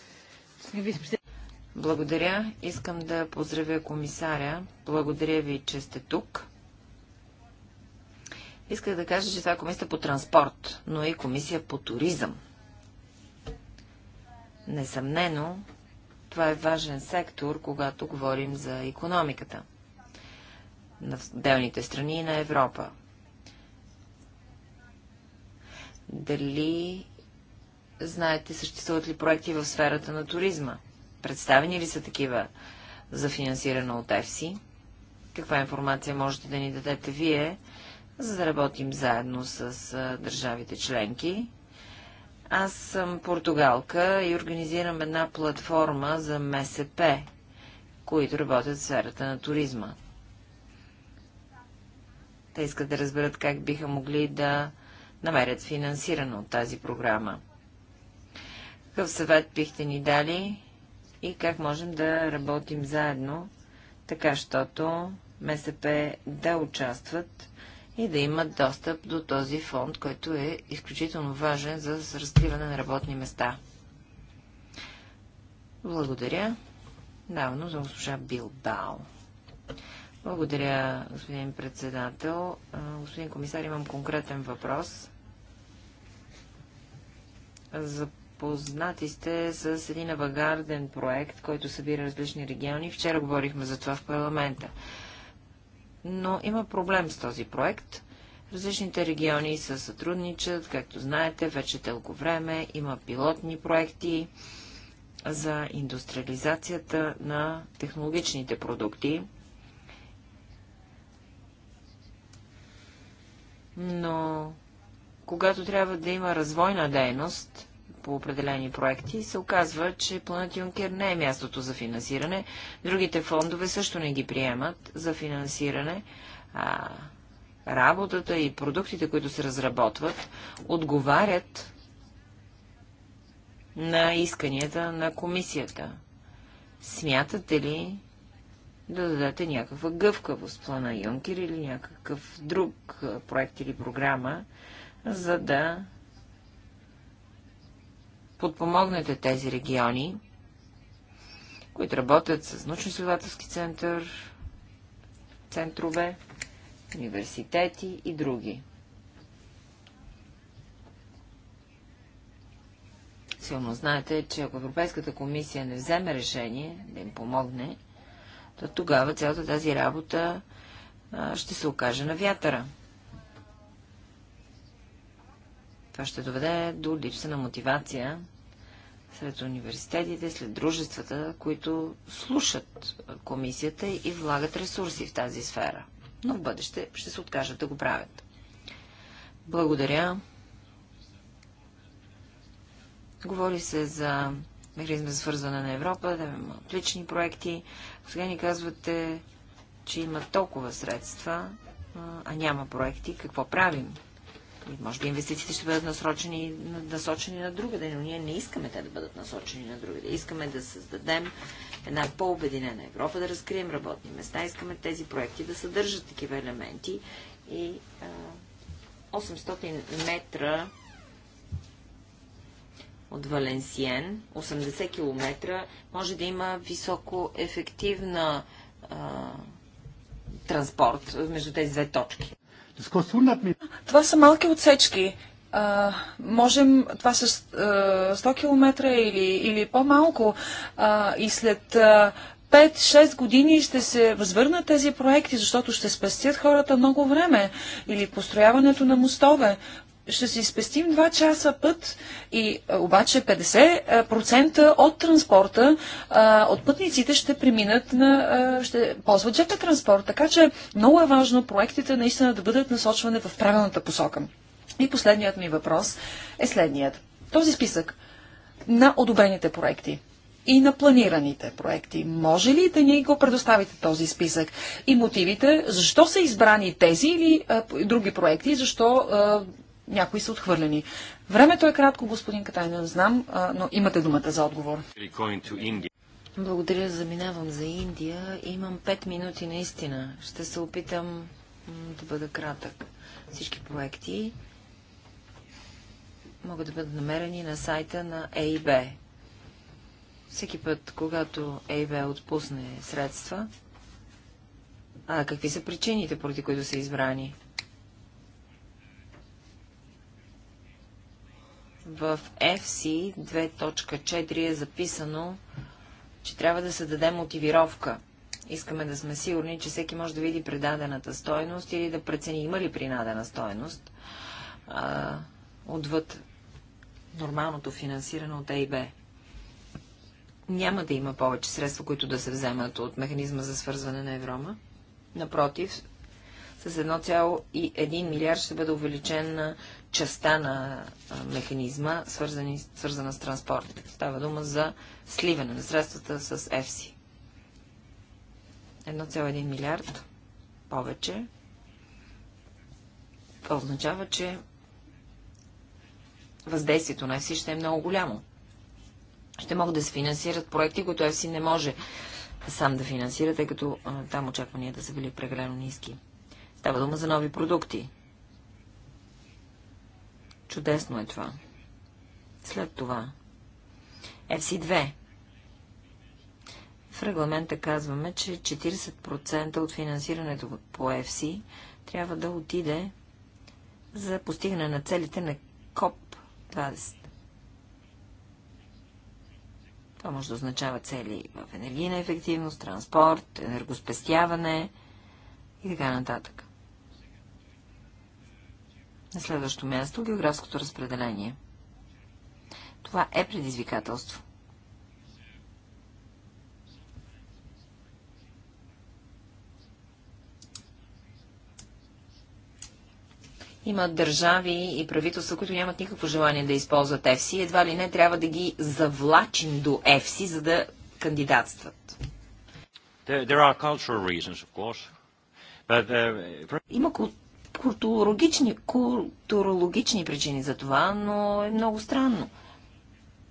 Благодаря. Искам да поздравя комисаря. Благодаря ви, че сте тук. Исках да кажа, че това е комисия по транспорт, но и комисия по туризъм. Несъмнено, това е важен сектор, когато говорим за економиката на делните страни и на Европа. Дали знаете, съществуват ли проекти в сферата на туризма? Представени ли са такива за финансиране от ЕФСИ? Каква информация можете да ни дадете вие за да работим заедно с държавите членки. Аз съм португалка и организирам една платформа за МСП, които работят в сферата на туризма. Те искат да разберат как биха могли да намерят финансиране от тази програма. Какъв съвет бихте ни дали и как можем да работим заедно, така, щото МСП да участват и да имат достъп до този фонд, който е изключително важен за разкриване на работни места. Благодаря. Давно за госпожа Бао. Благодаря, господин председател. Господин комисар, имам конкретен въпрос. Запознати сте с един авангарден проект, който събира различни региони. Вчера говорихме за това в парламента но има проблем с този проект. Различните региони се сътрудничат, както знаете, вече дълго време има пилотни проекти за индустриализацията на технологичните продукти. Но когато трябва да има развойна дейност, по определени проекти, се оказва, че планът Юнкер не е мястото за финансиране. Другите фондове също не ги приемат за финансиране. А, работата и продуктите, които се разработват, отговарят на исканията на комисията. Смятате ли да дадете някаква гъвкавост плана Юнкер или някакъв друг проект или програма, за да подпомогнете тези региони, които работят с научно-изследователски център, центрове, университети и други. Силно знаете, че ако Европейската комисия не вземе решение да им помогне, то тогава цялата тази работа а, ще се окаже на вятъра. Това ще доведе до липса на мотивация сред университетите, след дружествата, които слушат комисията и влагат ресурси в тази сфера. Но в бъдеще ще се откажат да го правят. Благодаря. Говори се за механизма за свързване на Европа, да има отлични проекти. Сега ни казвате, че има толкова средства, а няма проекти. Какво правим? И може би инвестициите ще бъдат насочени, насочени на ден, но ние не искаме те да бъдат насочени на другаде. Искаме да създадем една по-обединена Европа, да разкрием работни места. Искаме тези проекти да съдържат такива елементи и а, 800 метра от Валенсиен, 80 км, може да има високо ефективна а, транспорт между тези две точки. Това са малки отсечки. А, можем, това са 100 км или, или по-малко. и след 5-6 години ще се възвърнат тези проекти, защото ще спестят хората много време. Или построяването на мостове ще си спестим 2 часа път и обаче 50% от транспорта, от пътниците ще преминат на, ще ползват жп транспорт. Така че много е важно проектите наистина да бъдат насочвани в правилната посока. И последният ми въпрос е следният. Този списък на одобрените проекти и на планираните проекти. Може ли да ни го предоставите този списък? И мотивите, защо са избрани тези или а, други проекти, защо някои са отхвърлени. Времето е кратко, господин Катайнен, знам, а, но имате думата за отговор. Благодаря, заминавам за Индия. Имам 5 минути наистина. Ще се опитам да бъда кратък. Всички проекти могат да бъдат намерени на сайта на AIB. Всеки път, когато AIB отпусне средства, а какви са причините, поради които са избрани? В FC 2.4 е записано, че трябва да се даде мотивировка. Искаме да сме сигурни, че всеки може да види предадената стойност или да прецени има ли принадена стойност а, отвъд нормалното финансиране от АИБ. Няма да има повече средства, които да се вземат от механизма за свързване на Еврома. Напротив, с 1,1 милиард ще бъде увеличен на частта на механизма, свързани, свързана с транспорт. Става дума за сливане на средствата с ЕФСИ. 1,1 милиард повече. Това означава, че въздействието на ЕФСИ ще е много голямо. Ще могат да се финансират проекти, които ЕФСИ не може сам да финансира, тъй като а, там очакванията са били прегрено ниски. Става дума за нови продукти, Чудесно е това. След това. FC2. В регламента казваме, че 40% от финансирането по FC трябва да отиде за постигане на целите на КОП-20. Това може да означава цели в енергийна ефективност, транспорт, енергоспестяване и така нататък. На следващо място географското разпределение. Това е предизвикателство. Има държави и правителства, които нямат никакво желание да използват ЕФСИ. Едва ли не трябва да ги завлачим до ЕФСИ, за да кандидатстват. There, there are reasons, of course. But, uh... Има култура културологични, културологични причини за това, но е много странно.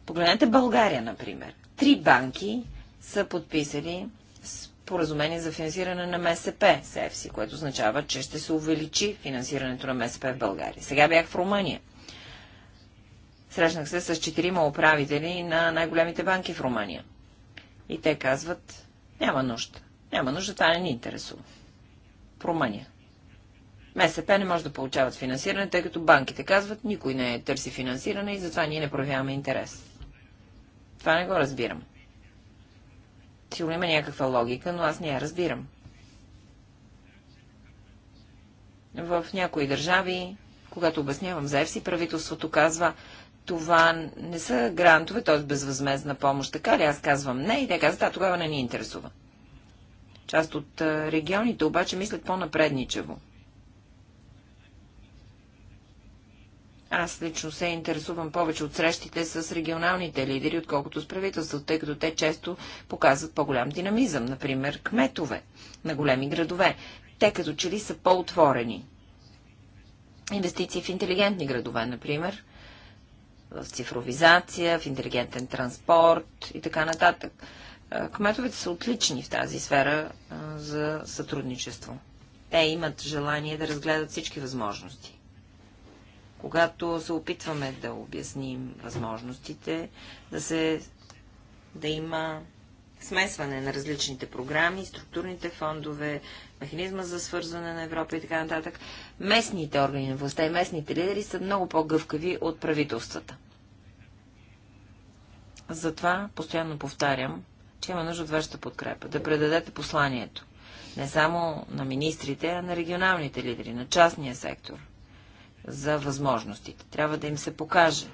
Погледнете България, например. Три банки са подписали споразумение за финансиране на МСП с ЕФСИ, което означава, че ще се увеличи финансирането на МСП в България. Сега бях в Румъния. Срещнах се с четирима управители на най-големите банки в Румъния. И те казват, няма нужда. Няма нужда, това не ни интересува. В Румъния. МСП не може да получават финансиране, тъй като банките казват, никой не търси финансиране и затова ние не проявяваме интерес. Това не го разбирам. Сигурно има някаква логика, но аз не я разбирам. В някои държави, когато обяснявам за ЕФСИ, правителството казва, това не са грантове, т.е. безвъзмезна помощ. Така ли? Аз казвам не и те казват, а тогава не ни интересува. Част от регионите обаче мислят по-напредничево. Аз лично се интересувам повече от срещите с регионалните лидери, отколкото с правителството, тъй като те често показват по-голям динамизъм, например кметове на големи градове. Те като че ли са по-отворени. Инвестиции в интелигентни градове, например, в цифровизация, в интелигентен транспорт и така нататък. Кметовете са отлични в тази сфера за сътрудничество. Те имат желание да разгледат всички възможности. Когато се опитваме да обясним възможностите, да, се, да има смесване на различните програми, структурните фондове, механизма за свързване на Европа и така нататък, местните органи на властта и местните лидери са много по-гъвкави от правителствата. Затова постоянно повтарям, че има нужда от вашата подкрепа, да предадете посланието. Не само на министрите, а на регионалните лидери, на частния сектор – за възможностите. Трябва да им се покаже.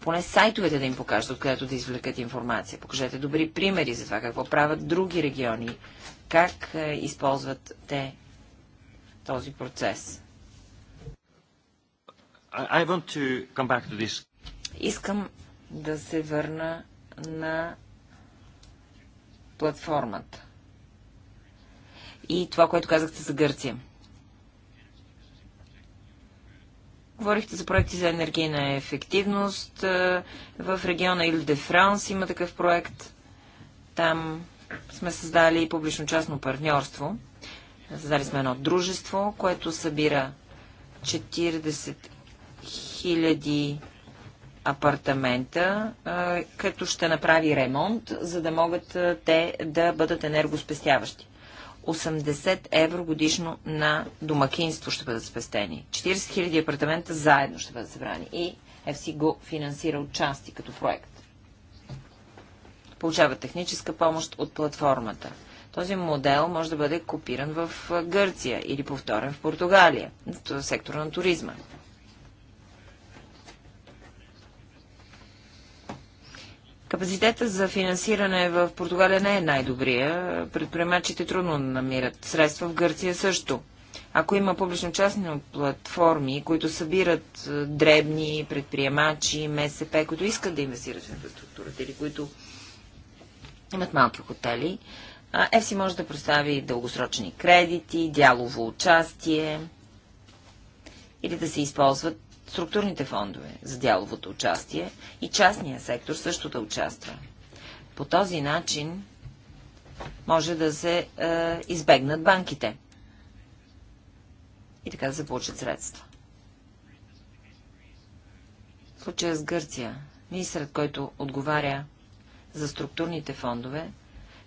Поне сайтовете да им покажат, откъдето да извлекат информация. Покажете добри примери за това, какво правят други региони, как е, използват те този процес. I want to come back to this. Искам да се върна на платформата. И това, което казахте за Гърция. Говорихте за проекти за енергийна ефективност. Е, в региона Иль де Франс има такъв проект. Там сме създали публично-частно партньорство. Създали сме едно дружество, което събира 40 000 апартамента, е, като ще направи ремонт, за да могат е, те да бъдат енергоспестяващи. 80 евро годишно на домакинство ще бъдат спестени. 40 000 апартамента заедно ще бъдат събрани. И FC го финансира от части като проект. Получава техническа помощ от платформата. Този модел може да бъде копиран в Гърция или повторен в Португалия, в сектора на туризма. Капацитета за финансиране в Португалия не е най-добрия. Предприемачите трудно намират средства, в Гърция също. Ако има публично-частни платформи, които събират е, дребни предприемачи, МСП, които искат да инвестират в инфраструктурата или които имат малки хотели, ЕФСИ може да представи дългосрочни кредити, дялово участие или да се използват структурните фондове за дяловото участие и частния сектор също да участва. По този начин може да се е, избегнат банките и така да се получат средства. В случая с Гърция, министърът, който отговаря за структурните фондове,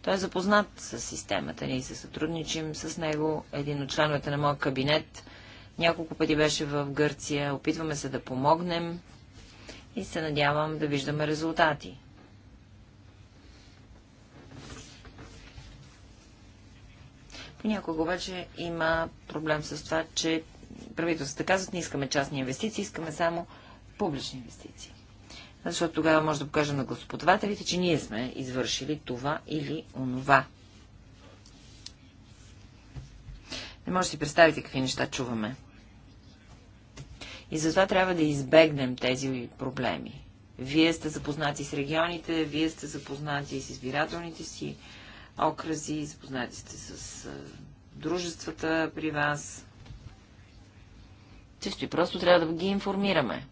той е запознат с системата. Ние се сътрудничим с него. Един от членовете на моят кабинет няколко пъти беше в Гърция. Опитваме се да помогнем и се надявам да виждаме резултати. Понякога обаче има проблем с това, че правителствата казват, не искаме частни инвестиции, искаме само публични инвестиции. Защото тогава може да покажем на господавателите, че ние сме извършили това или онова. Не може да си представите какви неща чуваме. И затова трябва да избегнем тези проблеми. Вие сте запознати с регионите, вие сте запознати с избирателните си окрази, запознати сте с дружествата при вас. Чисто и просто трябва да ги информираме.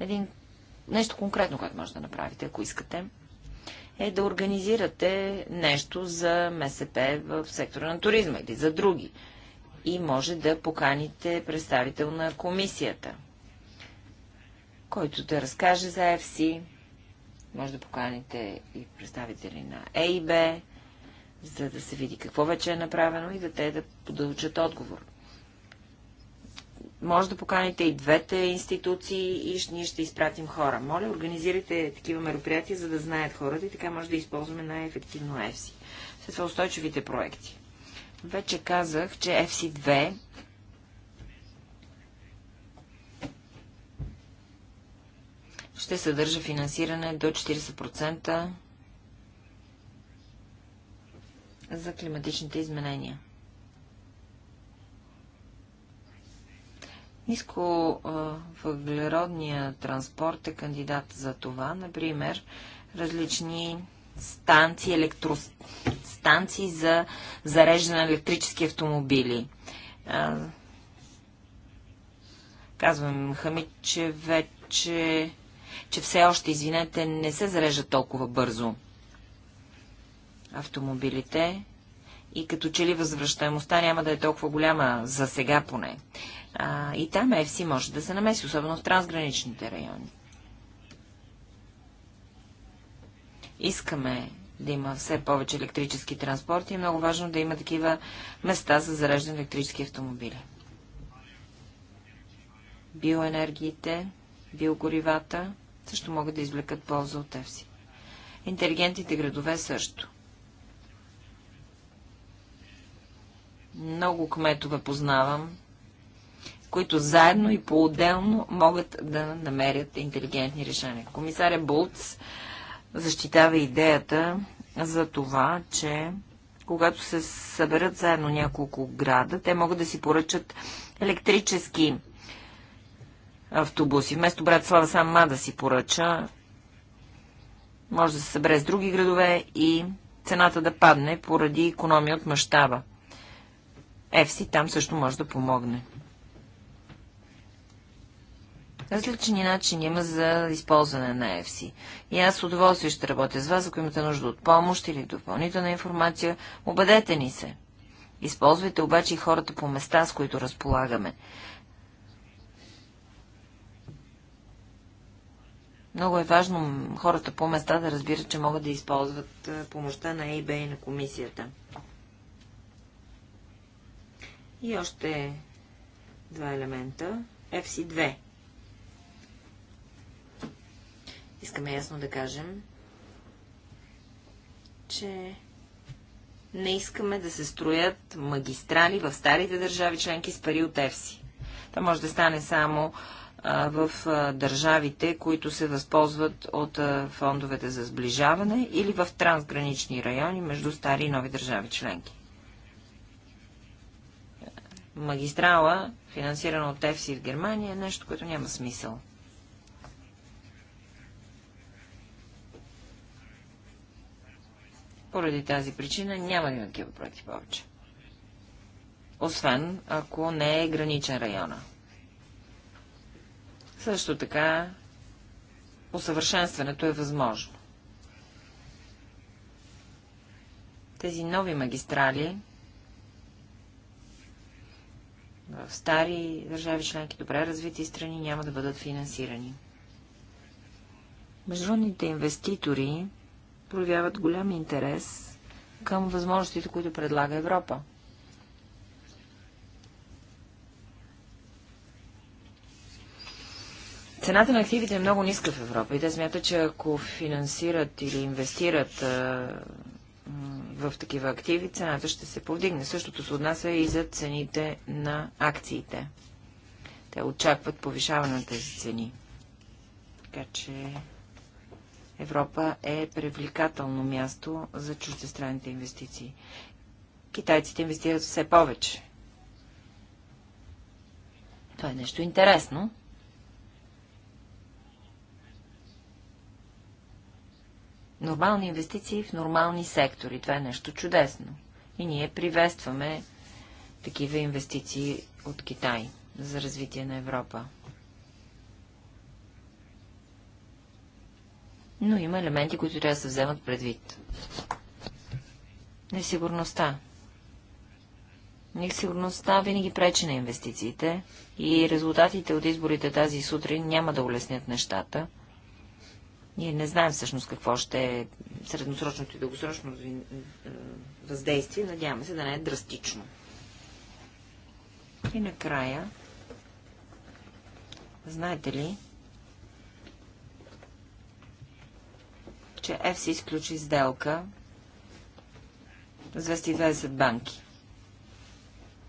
Един нещо конкретно, което може да направите, ако искате, е да организирате нещо за МСП в сектора на туризма или за други и може да поканите представител на комисията, който да разкаже за FC. Може да поканите и представители на B, е за да се види какво вече е направено и да те да подължат отговор. Може да поканите и двете институции и ние ще изпратим хора. Моля, организирайте такива мероприятия, за да знаят хората и така може да използваме най-ефективно EFSI. След това устойчивите проекти. Вече казах, че FC2 ще съдържа финансиране до 40% за климатичните изменения. Ниско въглеродния транспорт е кандидат за това. Например, различни станции, електро, станции за зареждане на електрически автомобили. А, казвам Хамид, че вече, че все още, извинете, не се зарежда толкова бързо автомобилите и като че ли възвръщаемостта няма да е толкова голяма за сега поне. А, и там ЕФСИ може да се намеси, особено в трансграничните райони. искаме да има все повече електрически транспорт и е много важно да има такива места за зареждане електрически автомобили. Биоенергиите, биогоривата също могат да извлекат полза от ЕФСИ. Интелигентните градове също. Много кметове познавам, които заедно и по-отделно могат да намерят интелигентни решения. Комисаря Булц защитава идеята за това, че когато се съберат заедно няколко града, те могат да си поръчат електрически автобуси. Вместо Брат Слава сама да си поръча, може да се събере с други градове и цената да падне поради економия от мащаба. ЕФСИ там също може да помогне. Различни начини има за използване на EFC. И аз с удоволствие ще работя с вас, ако имате нужда от помощ или допълнителна информация. Обадете ни се. Използвайте обаче и хората по места, с които разполагаме. Много е важно хората по места да разбират, че могат да използват е, помощта на EBA и на комисията. И още два елемента. FC2 Искаме ясно да кажем, че не искаме да се строят магистрали в старите държави членки с пари от ЕФСИ. Това може да стане само в държавите, които се възползват от фондовете за сближаване или в трансгранични райони между стари и нови държави членки. Магистрала, финансирана от ЕФСИ в Германия, е нещо, което няма смисъл. Поради тази причина няма да има такива проекти повече. Освен, ако не е граничен района. Също така, усъвършенстването е възможно. Тези нови магистрали в стари държави членки, добре развити страни, няма да бъдат финансирани. Международните инвеститори проявяват голям интерес към възможностите, които предлага Европа. Цената на активите е много ниска в Европа и те смятат, че ако финансират или инвестират в такива активи, цената ще се повдигне. Същото се отнася и за цените на акциите. Те очакват повишаване на тези цени. Така че Европа е привлекателно място за чуждестранните инвестиции. Китайците инвестират все повече. Това е нещо интересно. Нормални инвестиции в нормални сектори. Това е нещо чудесно. И ние приветстваме такива инвестиции от Китай за развитие на Европа. но има елементи, които трябва да се вземат предвид. Несигурността. Несигурността винаги пречи на инвестициите и резултатите от изборите тази сутрин няма да улеснят нещата. Ние не знаем всъщност какво ще е средносрочното и дългосрочно въздействие. Надяваме се да не е драстично. И накрая, знаете ли, че ЕФСИ изключи сделка с 220 банки.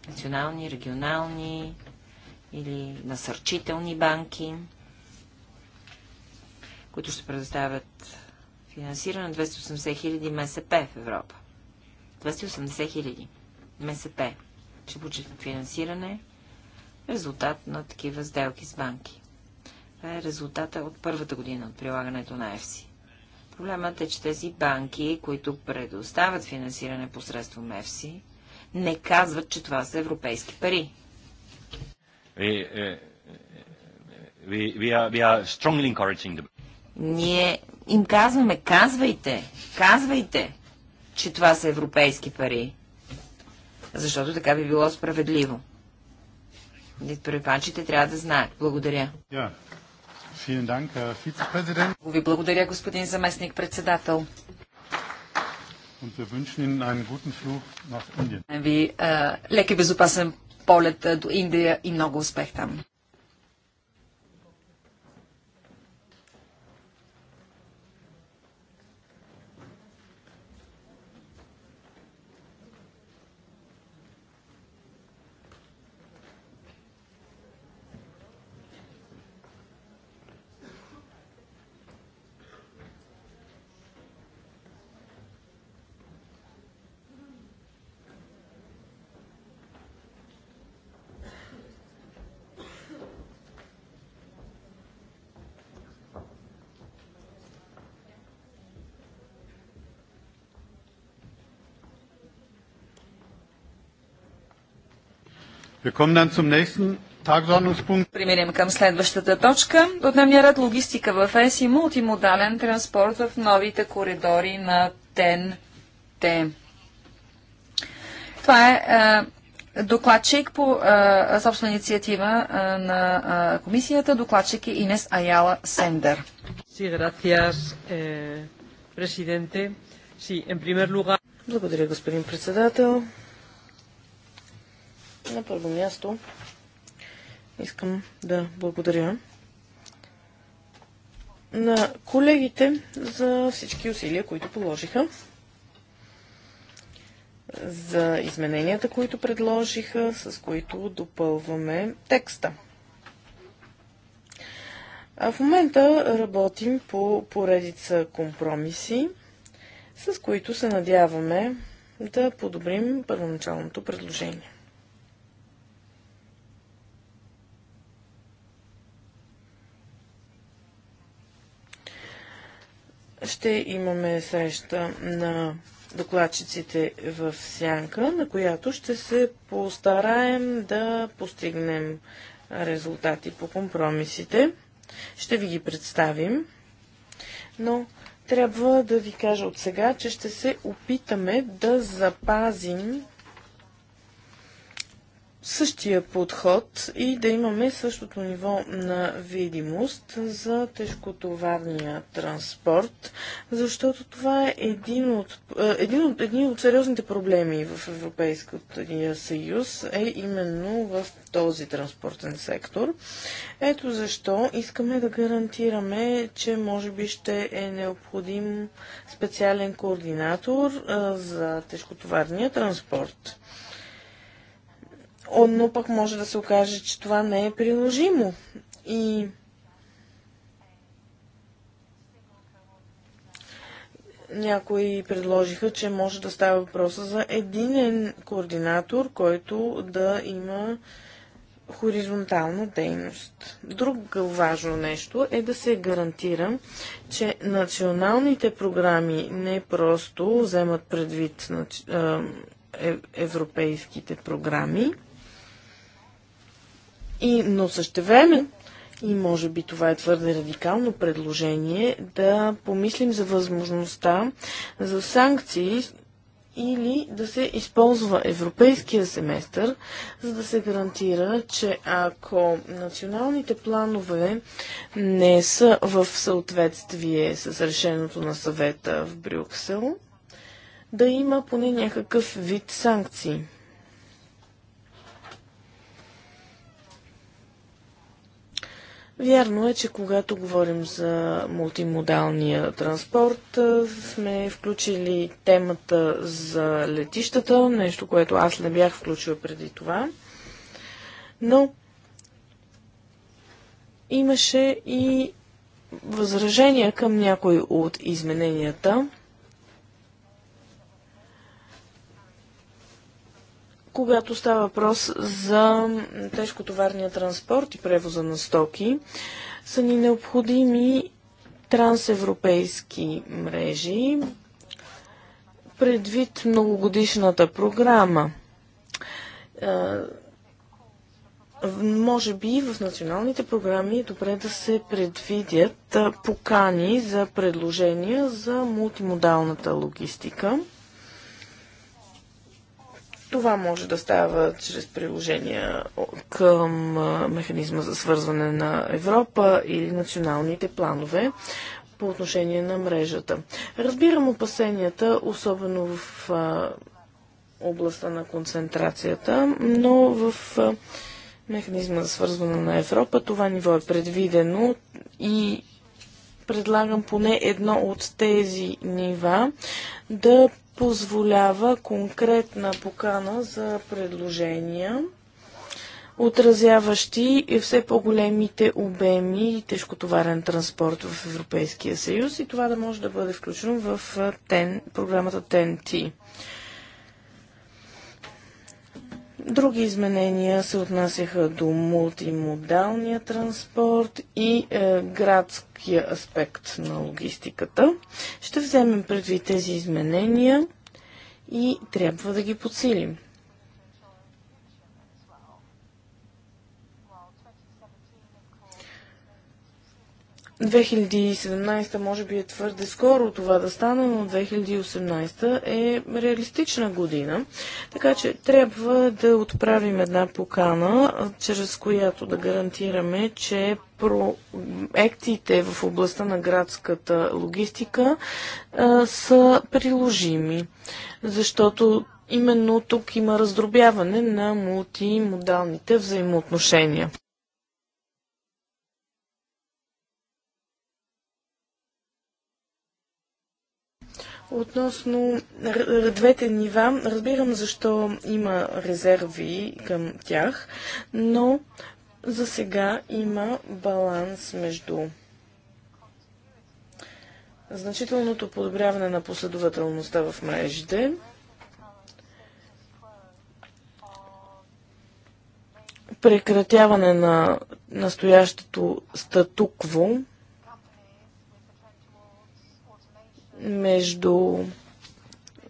Национални, регионални или насърчителни банки, които ще предоставят финансиране на 280 хиляди МСП в Европа. 280 хиляди МСП ще получат финансиране резултат на такива сделки с банки. Това е резултата от първата година от прилагането на ЕФСИ. Проблемът е, че тези банки, които предоставят финансиране посредством МЕФСИ, не казват, че това са европейски пари. Ние им казваме, казвайте, казвайте, че това са европейски пари. Защото така би било справедливо. Предпачите трябва да знаят. Благодаря. Yeah. Ви благодаря, господин заместник председател. Ви и безопасен полет до Индия и много успех там. Преминем към следващата точка. От дневния ред логистика в ЕС и мултимодален транспорт в новите коридори на ТЕН-Т. Това е, е докладчик по е, собствена инициатива е, на е, комисията. Докладчик е Инес Аяла Сендер. Е, Благодаря, господин председател. На първо място искам да благодаря на колегите за всички усилия, които положиха, за измененията, които предложиха, с които допълваме текста. А в момента работим по поредица компромиси, с които се надяваме да подобрим първоначалното предложение. ще имаме среща на докладчиците в сянка, на която ще се постараем да постигнем резултати по компромисите. Ще ви ги представим, но трябва да ви кажа от сега, че ще се опитаме да запазим същия подход и да имаме същото ниво на видимост за тежкотоварния транспорт, защото това е един от, е, един от, един от сериозните проблеми в Европейския съюз, е именно в този транспортен сектор. Ето защо искаме да гарантираме, че може би ще е необходим специален координатор а, е, за тежкотоварния транспорт но пък може да се окаже, че това не е приложимо. И някои предложиха, че може да става въпроса за единен координатор, който да има хоризонтална дейност. Друго важно нещо е да се гарантира, че националните програми не просто вземат предвид е- европейските програми, и, но време, и може би това е твърде радикално предложение, да помислим за възможността за санкции или да се използва европейския семестър, за да се гарантира, че ако националните планове не са в съответствие с решеното на съвета в Брюксел, да има поне някакъв вид санкции. Вярно е, че когато говорим за мултимодалния транспорт, сме включили темата за летищата, нещо, което аз не бях включила преди това. Но имаше и възражения към някои от измененията. когато става въпрос за тежкотоварния транспорт и превоза на стоки, са ни необходими трансевропейски мрежи, предвид многогодишната програма. Може би в националните програми е добре да се предвидят покани за предложения за мултимодалната логистика – това може да става чрез приложения към механизма за свързване на Европа или националните планове по отношение на мрежата. Разбирам опасенията, особено в областта на концентрацията, но в механизма за свързване на Европа това ниво е предвидено и предлагам поне едно от тези нива да позволява конкретна покана за предложения, отразяващи все по-големите обеми и тежкотоварен транспорт в Европейския съюз и това да може да бъде включено в ТЕН, програмата ТНТ. Други изменения се отнасяха до мултимодалния транспорт и е, градския аспект на логистиката. Ще вземем предвид тези изменения и трябва да ги подсилим. 2017 може би е твърде скоро това да стане, но 2018 е реалистична година. Така че трябва да отправим една покана, чрез която да гарантираме, че проектите в областта на градската логистика а, са приложими. Защото именно тук има раздробяване на мултимодалните взаимоотношения. Относно двете нива, разбирам защо има резерви към тях, но за сега има баланс между значителното подобряване на последователността в мрежите, прекратяване на настоящото статукво между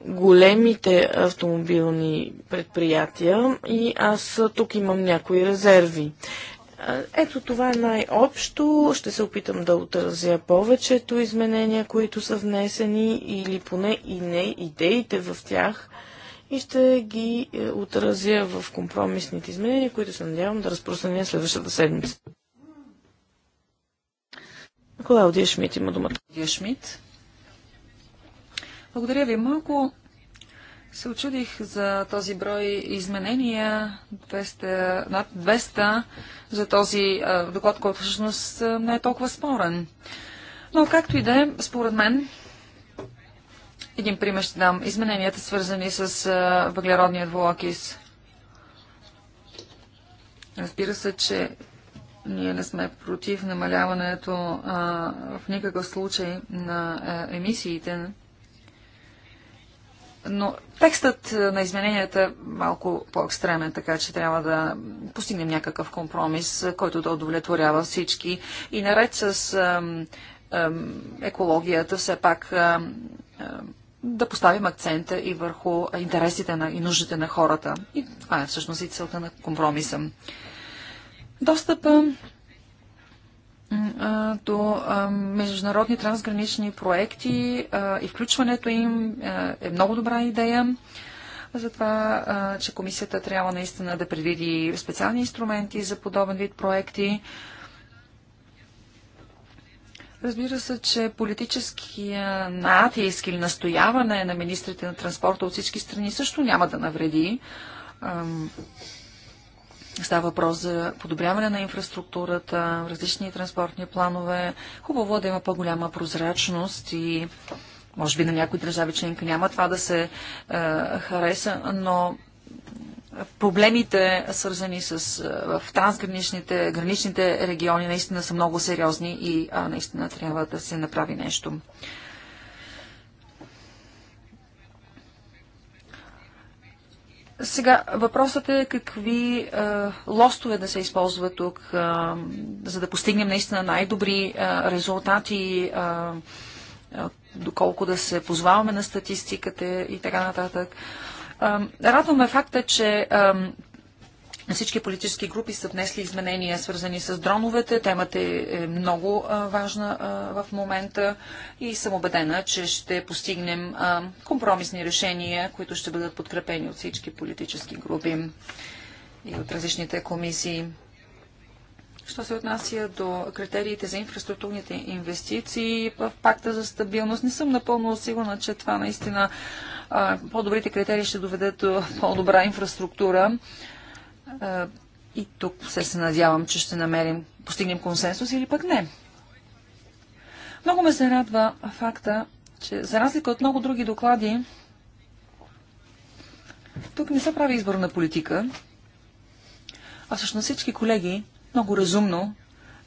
големите автомобилни предприятия и аз тук имам някои резерви. Ето това е най-общо. Ще се опитам да отразя повечето изменения, които са внесени или поне и не идеите в тях и ще ги е, отразя в компромисните изменения, които се надявам да разпространя следващата седмица. Клаудия Шмидт има думата. Клаудия Шмидт. Благодаря ви. Малко се очудих за този брой изменения, 200, над 200, за този доклад, който всъщност не е толкова спорен. Но както и да е, според мен, един пример ще дам. Измененията, свързани с въглеродният волокис. Разбира се, че ние не сме против намаляването а, в никакъв случай на емисиите но текстът е, на измененията е малко по-екстремен, така че трябва да постигнем някакъв компромис, е, който да удовлетворява всички. И наред с ам, ам, екологията, все пак ам, да поставим акцента и върху интересите на, и нуждите на хората. И това е всъщност и целта на компромиса. Достъпа до международни трансгранични проекти и включването им е много добра идея за това, че комисията трябва наистина да предвиди специални инструменти за подобен вид проекти. Разбира се, че политическия натиск или настояване на министрите на транспорта от всички страни също няма да навреди. Става въпрос за подобряване на инфраструктурата, различни транспортни планове. Хубаво е да има по-голяма прозрачност и може би на някои държави членка няма това да се е, хареса, но проблемите, свързани с, е, в трансграничните граничните региони, наистина са много сериозни и а, наистина трябва да се направи нещо. Сега, въпросът е какви е, лостове да се използва тук, е, за да постигнем наистина най-добри е, резултати, е, е, доколко да се позваваме на статистиката и така нататък. Е, радваме факта, че е, всички политически групи са внесли изменения, свързани с дроновете. Темата е, е много важна в момента и съм убедена, че ще постигнем компромисни решения, които ще бъдат подкрепени от всички политически групи и от различните комисии. Що се отнася до критериите за инфраструктурните инвестиции в пакта за стабилност, не съм напълно сигурна, че това наистина по-добрите критерии ще доведат до по-добра инфраструктура. И тук се, се надявам, че ще намерим, постигнем консенсус или пък не. Много ме се радва факта, че за разлика от много други доклади, тук не се прави избор на политика, а всъщност всички колеги много разумно,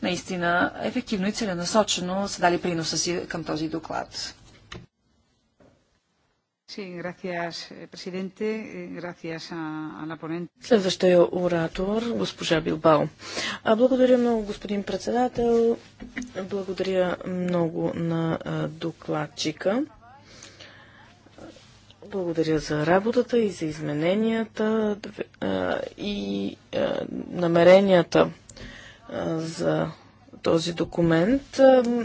наистина ефективно и целенасочено са дали приноса си към този доклад. Eh, eh, Следващия оратор, госпожа Билбао. Благодаря много, господин председател. Благодаря много на докладчика. Благодаря за работата и за измененията и намеренията за този документ.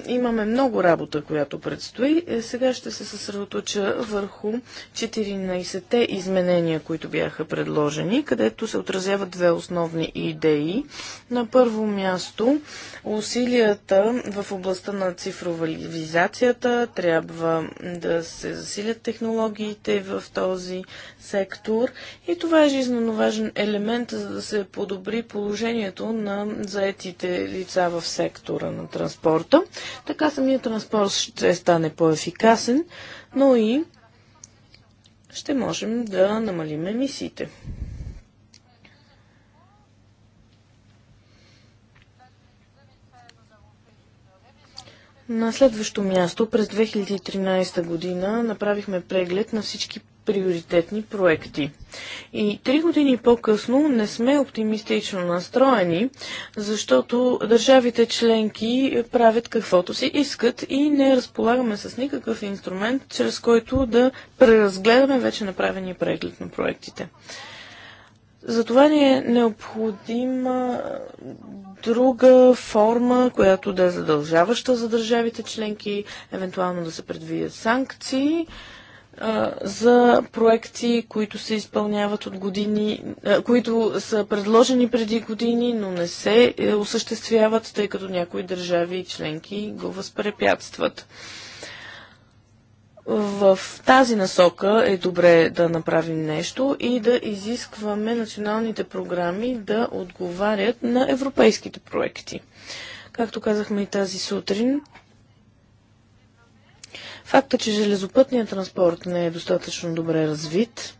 Имаме много работа, която предстои. Е, сега ще се съсредоточа върху 14-те изменения, които бяха предложени, където се отразяват две основни идеи. На първо място усилията в областта на цифровизацията трябва да се засилят технологиите в този сектор и това е жизненно важен елемент, за да се подобри положението на заетите лица в сектора сектора на транспорта. Така самия транспорт ще стане по-ефикасен, но и ще можем да намалим емисиите. На следващо място, през 2013 година, направихме преглед на всички приоритетни проекти. И три години по-късно не сме оптимистично настроени, защото държавите членки правят каквото си искат и не разполагаме с никакъв инструмент, чрез който да преразгледаме вече направения преглед на проектите. Затова ни е необходима друга форма, която да е задължаваща за държавите членки, евентуално да се предвидят санкции, за проекти, които се изпълняват от години, които са предложени преди години, но не се е, осъществяват, тъй като някои държави и членки го възпрепятстват. В тази насока е добре да направим нещо и да изискваме националните програми да отговарят на европейските проекти. Както казахме и тази сутрин, Факта, че железопътният транспорт не е достатъчно добре развит,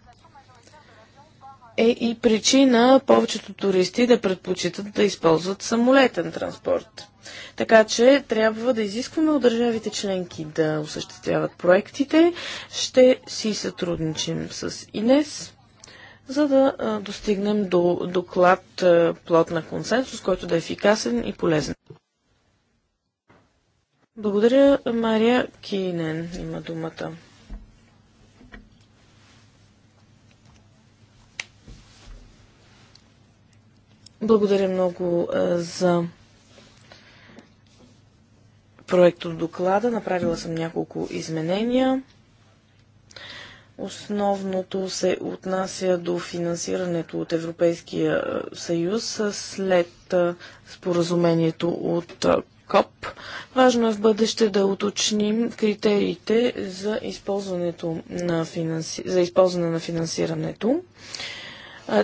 е и причина повечето туристи да предпочитат да използват самолетен транспорт. Така че трябва да изискваме от държавите членки да осъществяват проектите. Ще си сътрудничим с Инес, за да достигнем до доклад плод на консенсус, който да е ефикасен и полезен. Благодаря, Мария Кинен има думата. Благодаря много за проект от доклада. Направила съм няколко изменения. Основното се отнася до финансирането от Европейския съюз след споразумението от КОП. Важно е в бъдеще да уточним критериите за, използването на финанси... за използване на финансирането.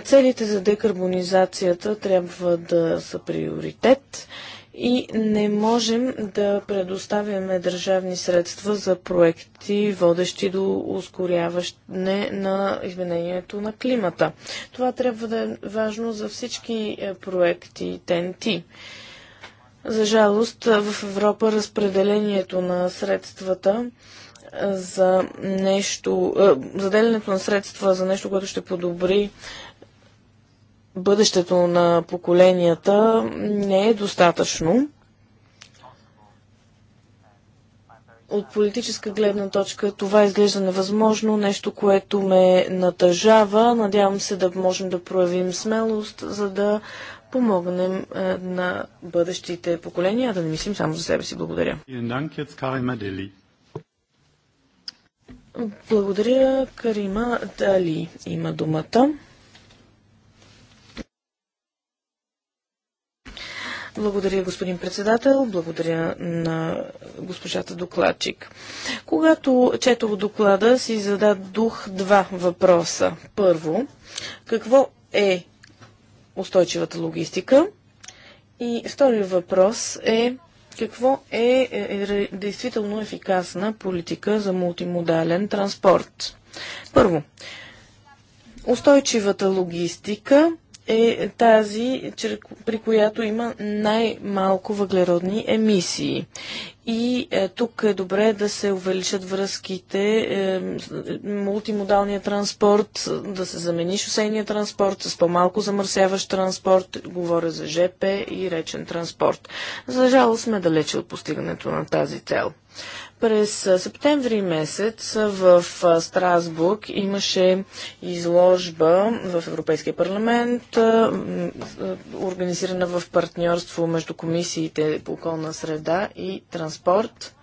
Целите за декарбонизацията трябва да са приоритет и не можем да предоставяме държавни средства за проекти, водещи до ускоряване на изменението на климата. Това трябва да е важно за всички е, проекти ТНТ. За жалост, в Европа разпределението на средствата за нещо, заделянето на средства за нещо, което ще подобри бъдещето на поколенията, не е достатъчно. От политическа гледна точка това изглежда невъзможно, нещо, което ме натъжава. Надявам се да можем да проявим смелост, за да помогнем на бъдещите поколения, а да не мислим само за себе си. Благодаря. Благодаря, Карима Дали има думата. Благодаря, господин председател. Благодаря на госпожата докладчик. Когато четох доклада, си зададох два въпроса. Първо, какво е устойчивата логистика. И втори въпрос е какво е, е, е действително ефикасна политика за мултимодален транспорт? Първо, устойчивата логистика е тази, при която има най-малко въглеродни емисии. И е, тук е добре да се увеличат връзките, е, мултимодалния транспорт, да се замени шосейния транспорт с по-малко замърсяващ транспорт, говоря за ЖП и речен транспорт. За жало сме далече от постигането на тази цел. През септември месец в Страсбург имаше изложба в Европейския парламент, организирана в партньорство между комисиите по околна среда и транспорт.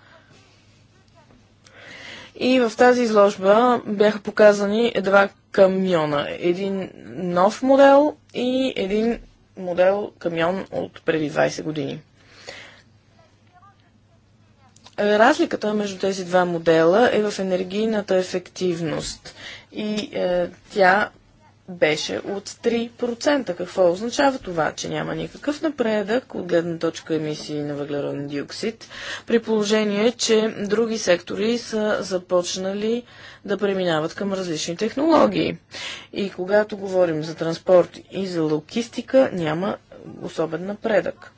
И в тази изложба бяха показани два камиона. Един нов модел и един модел камион от преди 20 години. Разликата между тези два модела е в енергийната ефективност и е, тя беше от 3%. Какво означава това, че няма никакъв напредък от гледна точка емисии на въглероден диоксид, при положение, че други сектори са започнали да преминават към различни технологии. И когато говорим за транспорт и за логистика, няма особен напредък.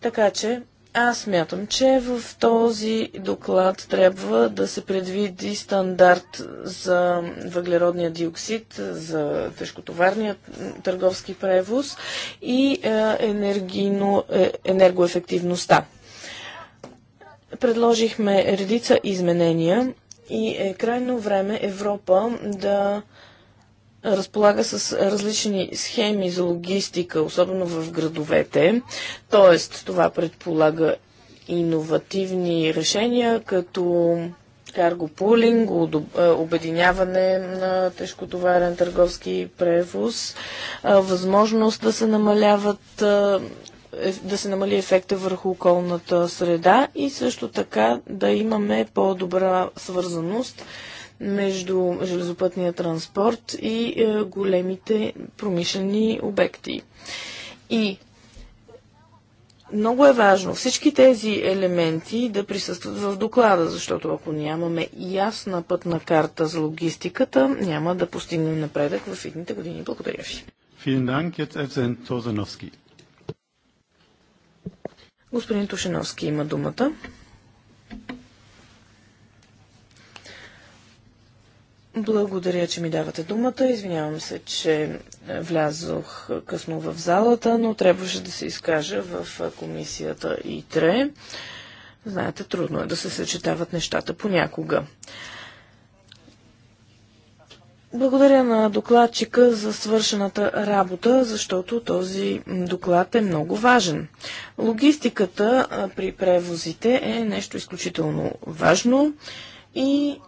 Така че аз мятам, че в този доклад трябва да се предвиди стандарт за въглеродния диоксид, за тежкотоварния търговски превоз и е, енергийно, е, енергоефективността. Предложихме редица изменения и е крайно време Европа да разполага с различни схеми за логистика, особено в градовете. Тоест, това предполага иновативни решения, като каргопулинг, обединяване на тежкотоварен търговски превоз, възможност да се намаляват е, да се намали ефекта върху околната среда и също така да имаме по-добра свързаност между железопътния транспорт и е, големите промишлени обекти. И много е важно всички тези елементи да присъстват в доклада, защото ако нямаме ясна пътна карта за логистиката, няма да постигнем напредък в едните години. Благодаря ви. Господин Тушеновски има думата. Благодаря, че ми давате думата. Извинявам се, че е, влязох късно в залата, но трябваше да се изкажа в е, комисията ИТРЕ. Знаете, трудно е да се съчетават нещата понякога. Благодаря на докладчика за свършената работа, защото този доклад е много важен. Логистиката е, при превозите е нещо изключително важно и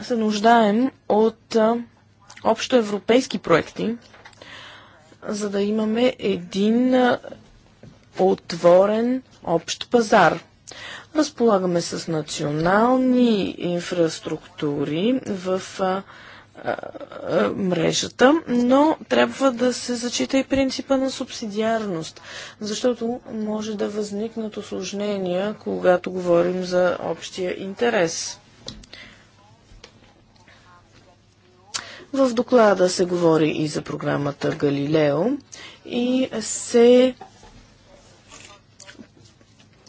се нуждаем от общо европейски проекти, за да имаме един отворен общ пазар. Разполагаме с национални инфраструктури в мрежата, но трябва да се зачита и принципа на субсидиарност, защото може да възникнат осложнения, когато говорим за общия интерес. В доклада се говори и за програмата Галилео и се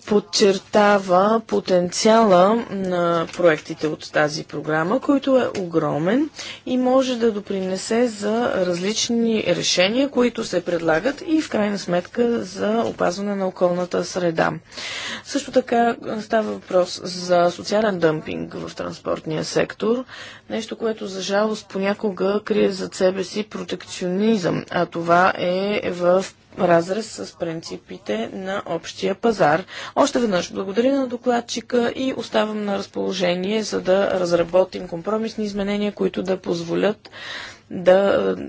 подчертава потенциала на проектите от тази програма, който е огромен и може да допринесе за различни решения, които се предлагат и в крайна сметка за опазване на околната среда. Също така става въпрос за социален дъмпинг в транспортния сектор, нещо, което за жалост понякога крие зад себе си протекционизъм, а това е в разрез с принципите на общия пазар. Още веднъж благодаря на докладчика и оставам на разположение, за да разработим компромисни изменения, които да позволят да е,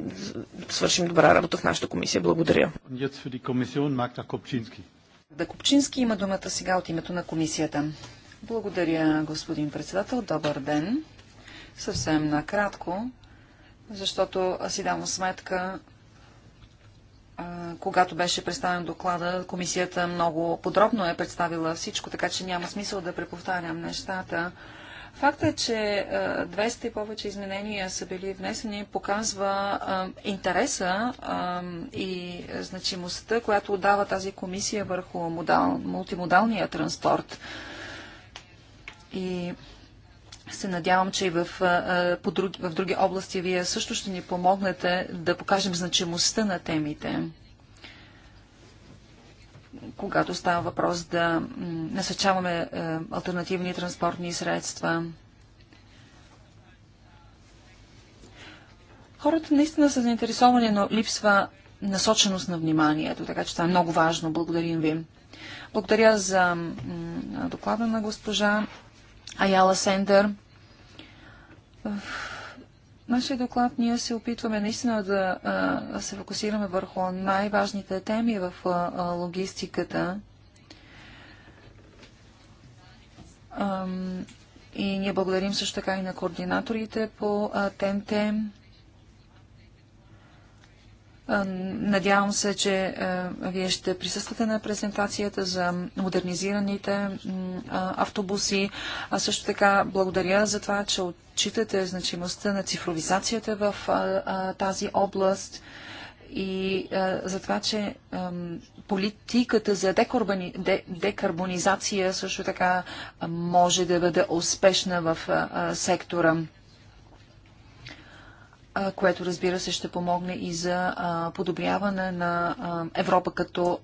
свършим добра работа в нашата комисия. Благодаря. Да има думата сега от името на комисията. Благодаря, господин председател. Добър ден. Съвсем накратко, защото аз си давам сметка когато беше представен доклада, комисията много подробно е представила всичко, така че няма смисъл да преповтарям нещата. Факта, е, че 200 и повече изменения са били внесени, показва интереса и значимостта, която отдава тази комисия върху мултимодалния транспорт. И се надявам, че и в, по други, в други области вие също ще ни помогнете да покажем значимостта на темите. Когато става въпрос да насъчаваме е, альтернативни транспортни средства, хората наистина са заинтересовани, но липсва насоченост на вниманието, така че това е много важно. Благодарим ви. Благодаря за доклада на госпожа Аяла Сендър. В нашия доклад ние се опитваме наистина да а, се фокусираме върху най-важните теми в а, а, логистиката. И ние благодарим също така и на координаторите по тем -ТЕМ. Надявам се, че вие ще присъствате на презентацията за модернизираните автобуси. А също така благодаря за това, че отчитате значимостта на цифровизацията в тази област и за това, че политиката за декарбонизация също така може да бъде успешна в сектора което разбира се ще помогне и за подобряване на Европа като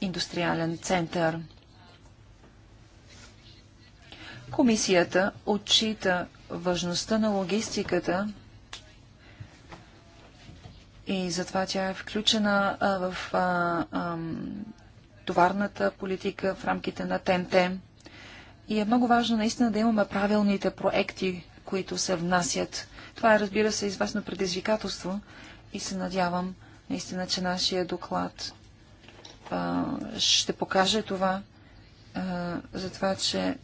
индустриален център. Комисията отчита важността на логистиката и затова тя е включена в товарната политика в рамките на ТНТ. И е много важно наистина да имаме правилните проекти, които се внасят това е, разбира се, известно предизвикателство и се надявам наистина, че нашия доклад а, ще покаже това, а, за това, че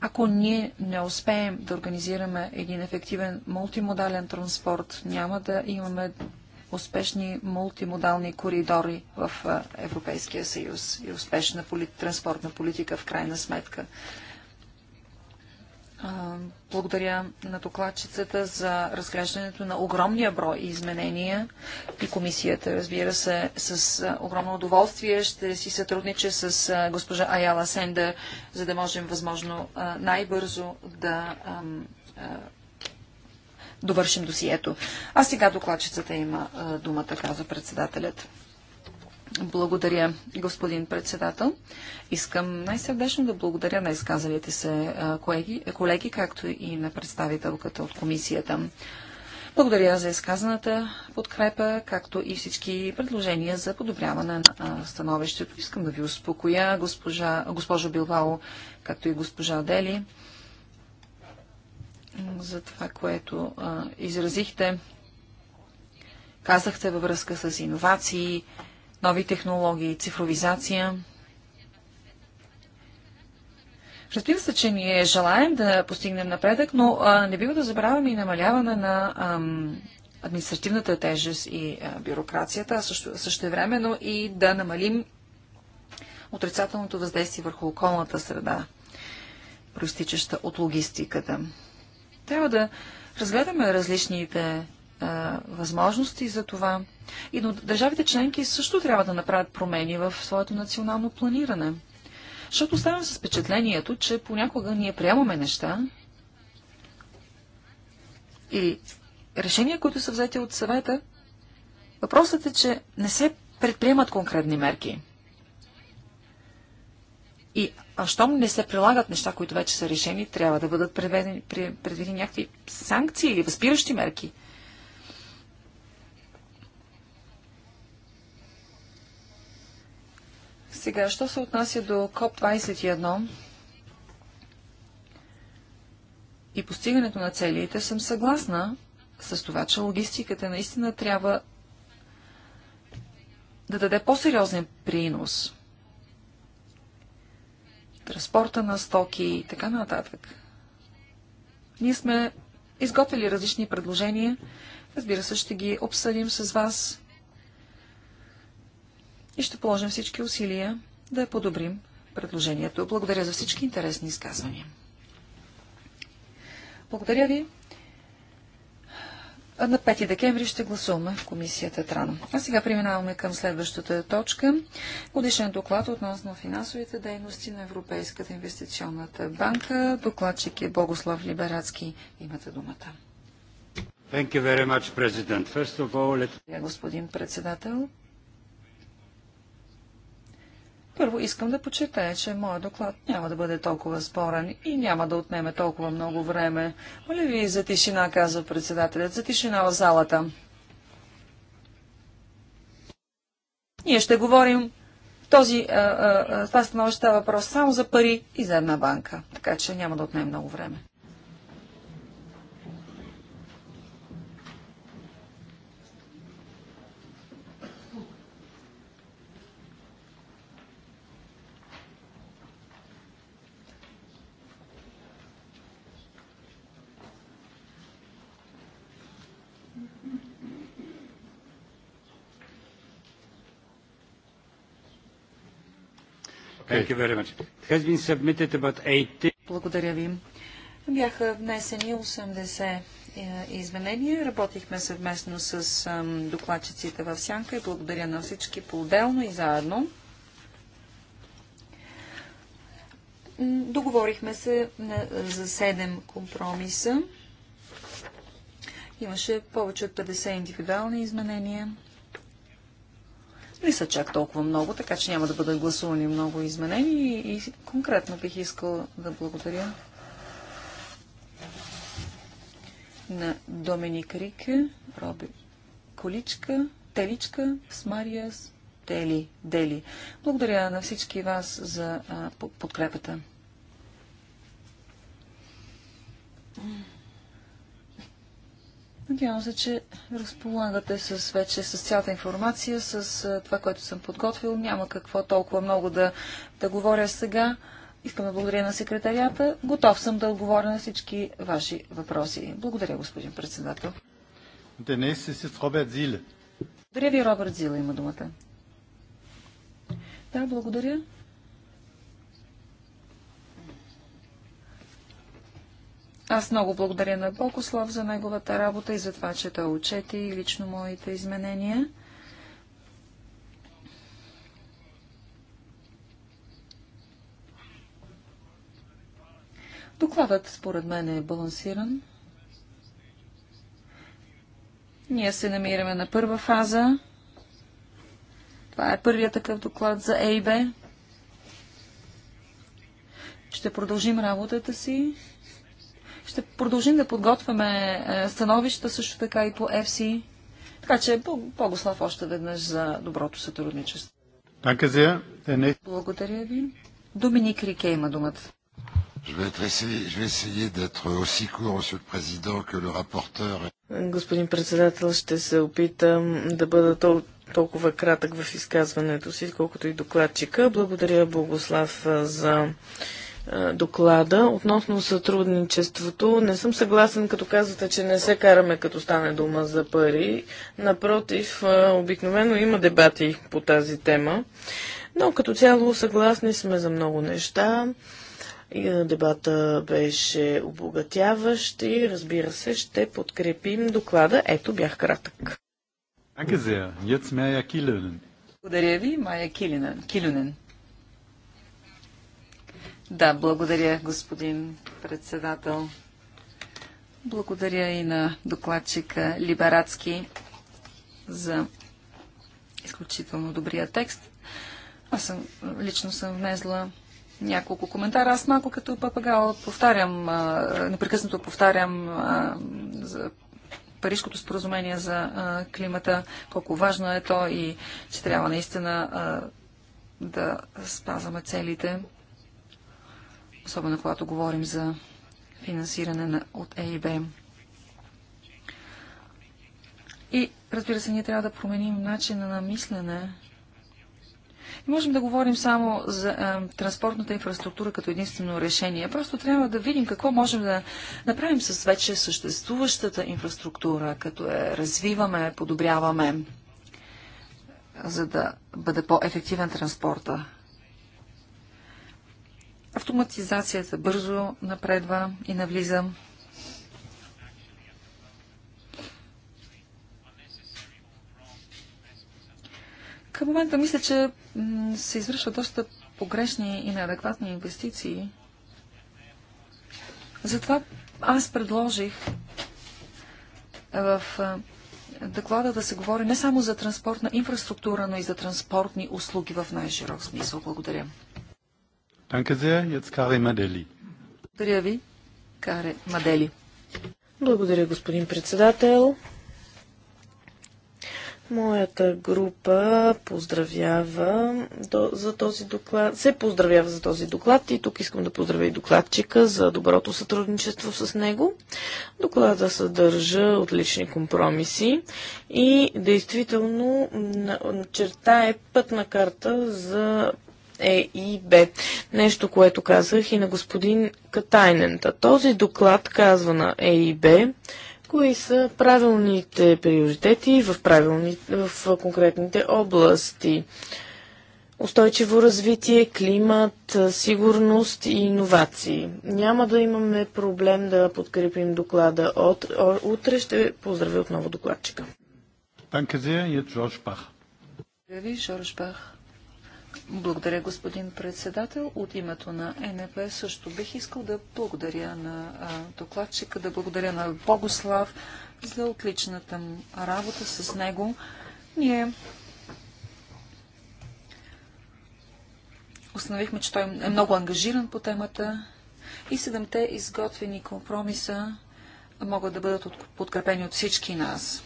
ако ние не успеем да организираме един ефективен мултимодален транспорт, няма да имаме успешни мултимодални коридори в Европейския съюз и успешна транспортна политика в крайна сметка. Благодаря на докладчицата за разглеждането на огромния брой изменения и комисията, разбира се, с огромно удоволствие ще си сътрудниче с госпожа Аяла Сендер, за да можем възможно най-бързо да довършим досието. А сега докладчицата има думата, каза председателят. Благодаря, господин председател. Искам най-сърдечно да благодаря на изказалите се колеги, колеги, както и на представителката от комисията. Благодаря за изказаната подкрепа, както и всички предложения за подобряване на становището. Искам да ви успокоя, госпожа, госпожо Билбао, както и госпожа Дели, за това, което а, изразихте. Казахте във връзка с иновации, нови технологии, цифровизация. Разбира се, че ние желаем да постигнем напредък, но а, не бива да забравяме и намаляване на ам, административната тежест и а, бюрокрацията, а също, но и да намалим отрицателното въздействие върху околната среда, проистичаща от логистиката. Трябва да разгледаме различните а, възможности за това. И но държавите членки също трябва да направят промени в своето национално планиране. Защото оставям с впечатлението, че понякога ние приемаме неща и решения, които са взети от съвета, въпросът е, че не се предприемат конкретни мерки. И а щом не се прилагат неща, които вече са решени, трябва да бъдат предвидени, предвидени някакви санкции или възпиращи мерки – Сега, що се отнася до КОП-21 и постигането на целите, съм съгласна с това, че логистиката наистина трябва да даде по-сериозен принос. Транспорта на стоки и така нататък. Ние сме изготвили различни предложения. Разбира се, ще ги обсъдим с вас и ще положим всички усилия да подобрим предложението. Благодаря за всички интересни изказвания. Благодаря ви. На 5 декември ще гласуваме в комисията Трана. А сега преминаваме към следващата точка. Годишен доклад относно финансовите дейности на Европейската инвестиционната банка. Докладчик е Богослав Либерацки. Имате думата. Thank you very much, President. First of all, let... Господин председател, първо искам да почитая, че моят доклад няма да бъде толкова спорен и няма да отнеме толкова много време. Моля ви за тишина, казва председателят, за тишина в залата. Ние ще говорим този, а, а, това становище въпрос само за пари и за една банка, така че няма да отнеме много време. Благодаря ви. Бяха внесени 80 е, изменения. Работихме съвместно с докладчиците в Сянка и благодаря на всички по-отделно и заедно. Договорихме се за 7 компромиса. Имаше повече от 50 индивидуални изменения не са чак толкова много, така че няма да бъдат гласувани много изменения и, и конкретно бих искал да благодаря на Доминик Рике, Роби Количка, Теличка, Смариас, Дели, Дели. Благодаря на всички вас за а, подкрепата. Mm. Надявам се, че разполагате с, вече с цялата информация, с това, което съм подготвил. Няма какво толкова много да, да говоря сега. Искам да благодаря на секретарията. Готов съм да отговоря на всички ваши въпроси. Благодаря, господин председател. Днес е с Роберт Зиле. Благодаря ви, Роберт Зиле има думата. Да, благодаря. Аз много благодаря на Бокослав за неговата работа и за това, че той учете и лично моите изменения. Докладът, според мен, е балансиран. Ние се намираме на първа фаза. Това е първият такъв доклад за ЕИБ. Ще продължим работата си ще продължим да подготвяме е, становища също така и по FC. Така че Богослав още веднъж за доброто сътрудничество. Благодаря ви. Доминик Рике има думата. Господин председател, ще се опитам да бъда тол толкова кратък в изказването си, колкото и докладчика. Благодаря Богослав за доклада. Относно сътрудничеството, не съм съгласен, като казвате, че не се караме, като стане дума за пари. Напротив, обикновено има дебати по тази тема. Но като цяло съгласни сме за много неща. Дебата беше обогатяващ и разбира се ще подкрепим доклада. Ето бях кратък. Благодаря ви, Майя Килюнен. Да, благодаря, господин председател. Благодаря и на докладчика Либарацки за изключително добрия текст. Аз съм, лично съм внезла няколко коментара. Аз малко като папагал повтарям, непрекъснато повтарям за Парижското споразумение за климата, колко важно е то и че трябва наистина да спазваме целите особено когато говорим за финансиране на, от ЕИБ. И, разбира се, ние трябва да променим начина на мислене. И можем да говорим само за е, транспортната инфраструктура като единствено решение. Просто трябва да видим какво можем да направим с вече съществуващата инфраструктура, като е развиваме, подобряваме, за да бъде по-ефективен транспорта. Автоматизацията бързо напредва и навлиза. Към момента мисля, че се извършва доста погрешни и неадекватни инвестиции. Затова аз предложих в доклада да се говори не само за транспортна инфраструктура, но и за транспортни услуги в най-широк смисъл. Благодаря. Благодаря ви, Каре Мадели. Благодаря, господин председател. Моята група поздравява за този доклад, се поздравява за този доклад и тук искам да поздравя и докладчика за доброто сътрудничество с него. Доклада съдържа отлични компромиси и действително чертае пътна карта за е и Б. Нещо, което казах и на господин Катайнен. Този доклад казва на Е и Б, кои са правилните приоритети в, правилни, в конкретните области. Устойчиво развитие, климат, сигурност и иновации. Няма да имаме проблем да подкрепим доклада от утре. Ще поздравя отново докладчика. Благодаря ви, Жорж Бах. Благодаря, господин председател. От името на НП също бих искал да благодаря на докладчика, да благодаря на Богослав за отличната му работа с него. Ние установихме, че той е много ангажиран по темата и седемте изготвени компромиса могат да бъдат подкрепени от всички нас.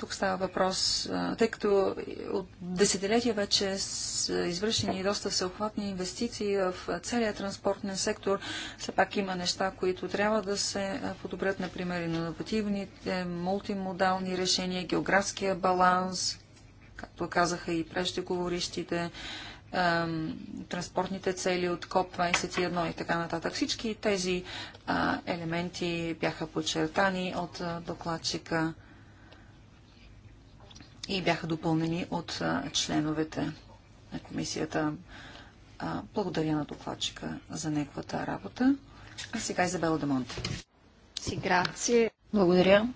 Тук става въпрос, тъй като от десетилетия вече са извършени доста всеохватни инвестиции в целия транспортен сектор. Все пак има неща, които трябва да се подобрят, например, инновативните, мултимодални решения, географския баланс, както казаха и преждеговорищите, транспортните цели от КОП-21 и така нататък. Всички тези елементи бяха подчертани от докладчика и бяха допълнени от членовете на комисията. Благодаря на докладчика за неговата работа. А сега Изабела Демонте. Благодаря.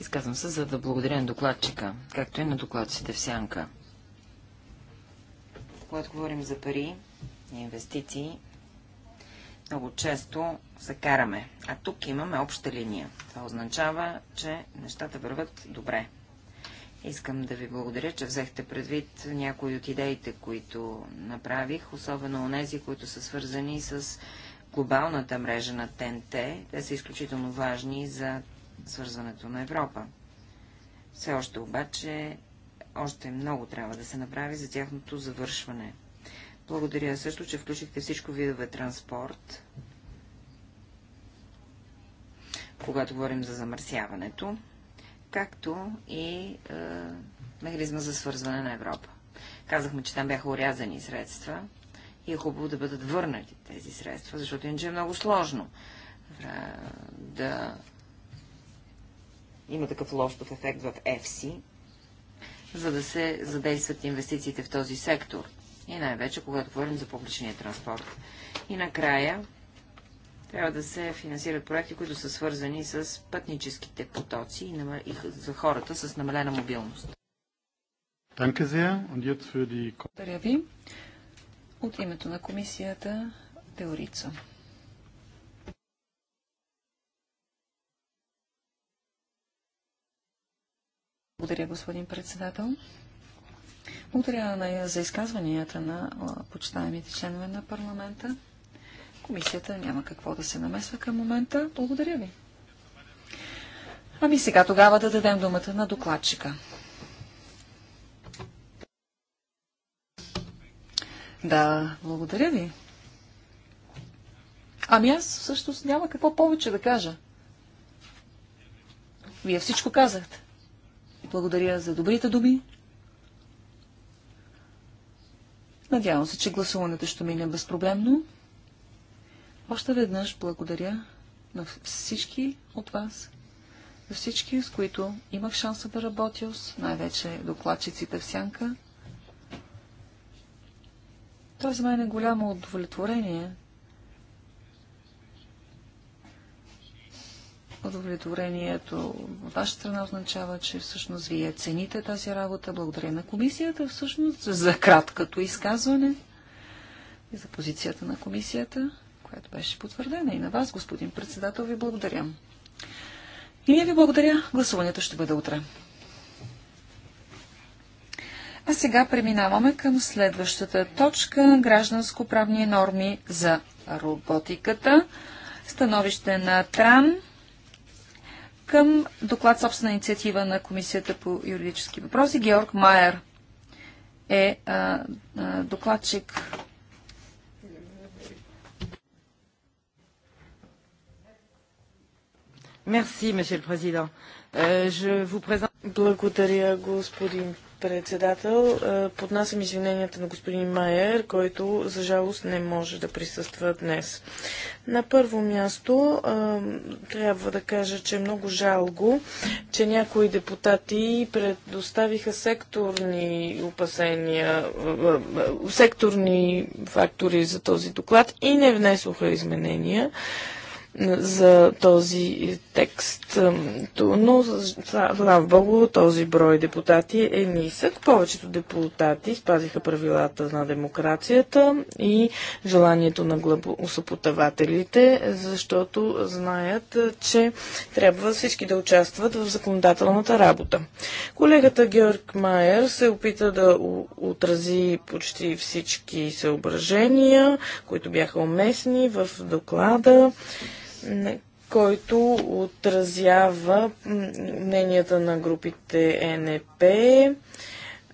Изказвам се, за да благодаря на докладчика, както и на докладците в Сянка. Когато говорим за пари и инвестиции, много често се караме. А тук имаме обща линия. Това означава, че нещата върват добре. Искам да ви благодаря, че взехте предвид някои от идеите, които направих, особено нези, които са свързани с глобалната мрежа на ТНТ. Те са изключително важни за свързването на Европа. Все още обаче, още много трябва да се направи за тяхното завършване – благодаря също, че включихте всичко видове транспорт, когато говорим за замърсяването, както и е, механизма за свързване на Европа. Казахме, че там бяха урязани средства и е хубаво да бъдат върнати тези средства, защото иначе е много сложно е, да има такъв лостов ефект в ЕФСИ, за да се задействат инвестициите в този сектор. И най-вече, когато говорим за публичния транспорт. И накрая, трябва да се финансират проекти, които са свързани с пътническите потоци и, за хората с намалена мобилност. Благодаря ви. От името на комисията Теорица. Благодаря, господин председател. Благодаря за изказванията на почитаемите членове на парламента. Комисията няма какво да се намесва към момента. Благодаря ви. Ами сега тогава да дадем думата на докладчика. Да, благодаря ви. Ами аз всъщност няма какво повече да кажа. Вие всичко казахте. Благодаря за добрите думи, Надявам се, че гласуването ще мине безпроблемно. Още веднъж благодаря на всички от вас, на всички, с които имах шанса да работя, най-вече докладчиците в сянка. Това е за мен е голямо удовлетворение Удовлетворението от ваша страна означава, че всъщност вие цените тази работа. Благодаря на комисията всъщност за краткото изказване и за позицията на комисията, която беше потвърдена и на вас, господин председател, ви благодаря. И ние ви благодаря. Гласуването ще бъде утре. А сега преминаваме към следващата точка – гражданско-правни норми за роботиката. Становище на ТРАН – към доклад собствена инициатива на Комисията по юридически въпроси. Георг Майер е а, а, докладчик. Merci, monsieur le président. Euh, Благодаря, господин председател. Е, поднасям извиненията на господин Майер, който за жалост не може да присъства днес. На първо място е, трябва да кажа, че е много жалко, че някои депутати предоставиха секторни опасения, е, секторни фактори за този доклад и не внесоха изменения за този текст. Но, слава Богу, този брой депутати е нисък. Повечето депутати спазиха правилата на демокрацията и желанието на гласопотавателите, защото знаят, че трябва всички да участват в законодателната работа. Колегата Георг Майер се опита да отрази почти всички съображения, които бяха уместни в доклада който отразява мненията на групите НП,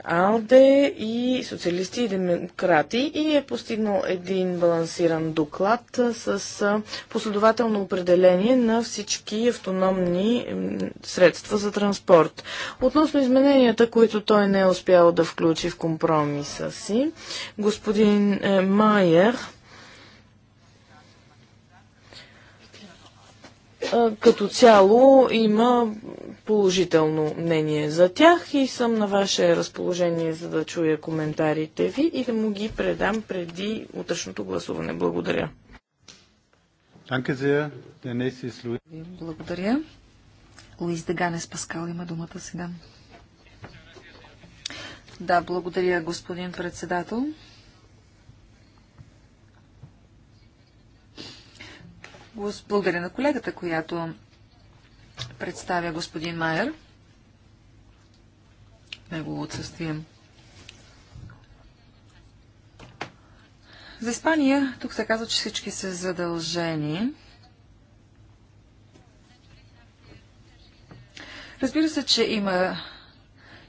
АЛДЕ и социалисти и демократи и е постигнал един балансиран доклад с последователно определение на всички автономни средства за транспорт. Относно измененията, които той не е успял да включи в компромиса си, господин е, Майер като цяло има положително мнение за тях и съм на ваше разположение, за да чуя коментарите ви и да му ги предам преди утрешното гласуване. Благодаря. Благодаря. Луис Деганес Паскал има думата сега. Да, благодаря, господин председател. Благодаря на колегата, която представя господин Майер. Негово отсъствие. За Испания тук се казва, че всички са задължени. Разбира се, че има,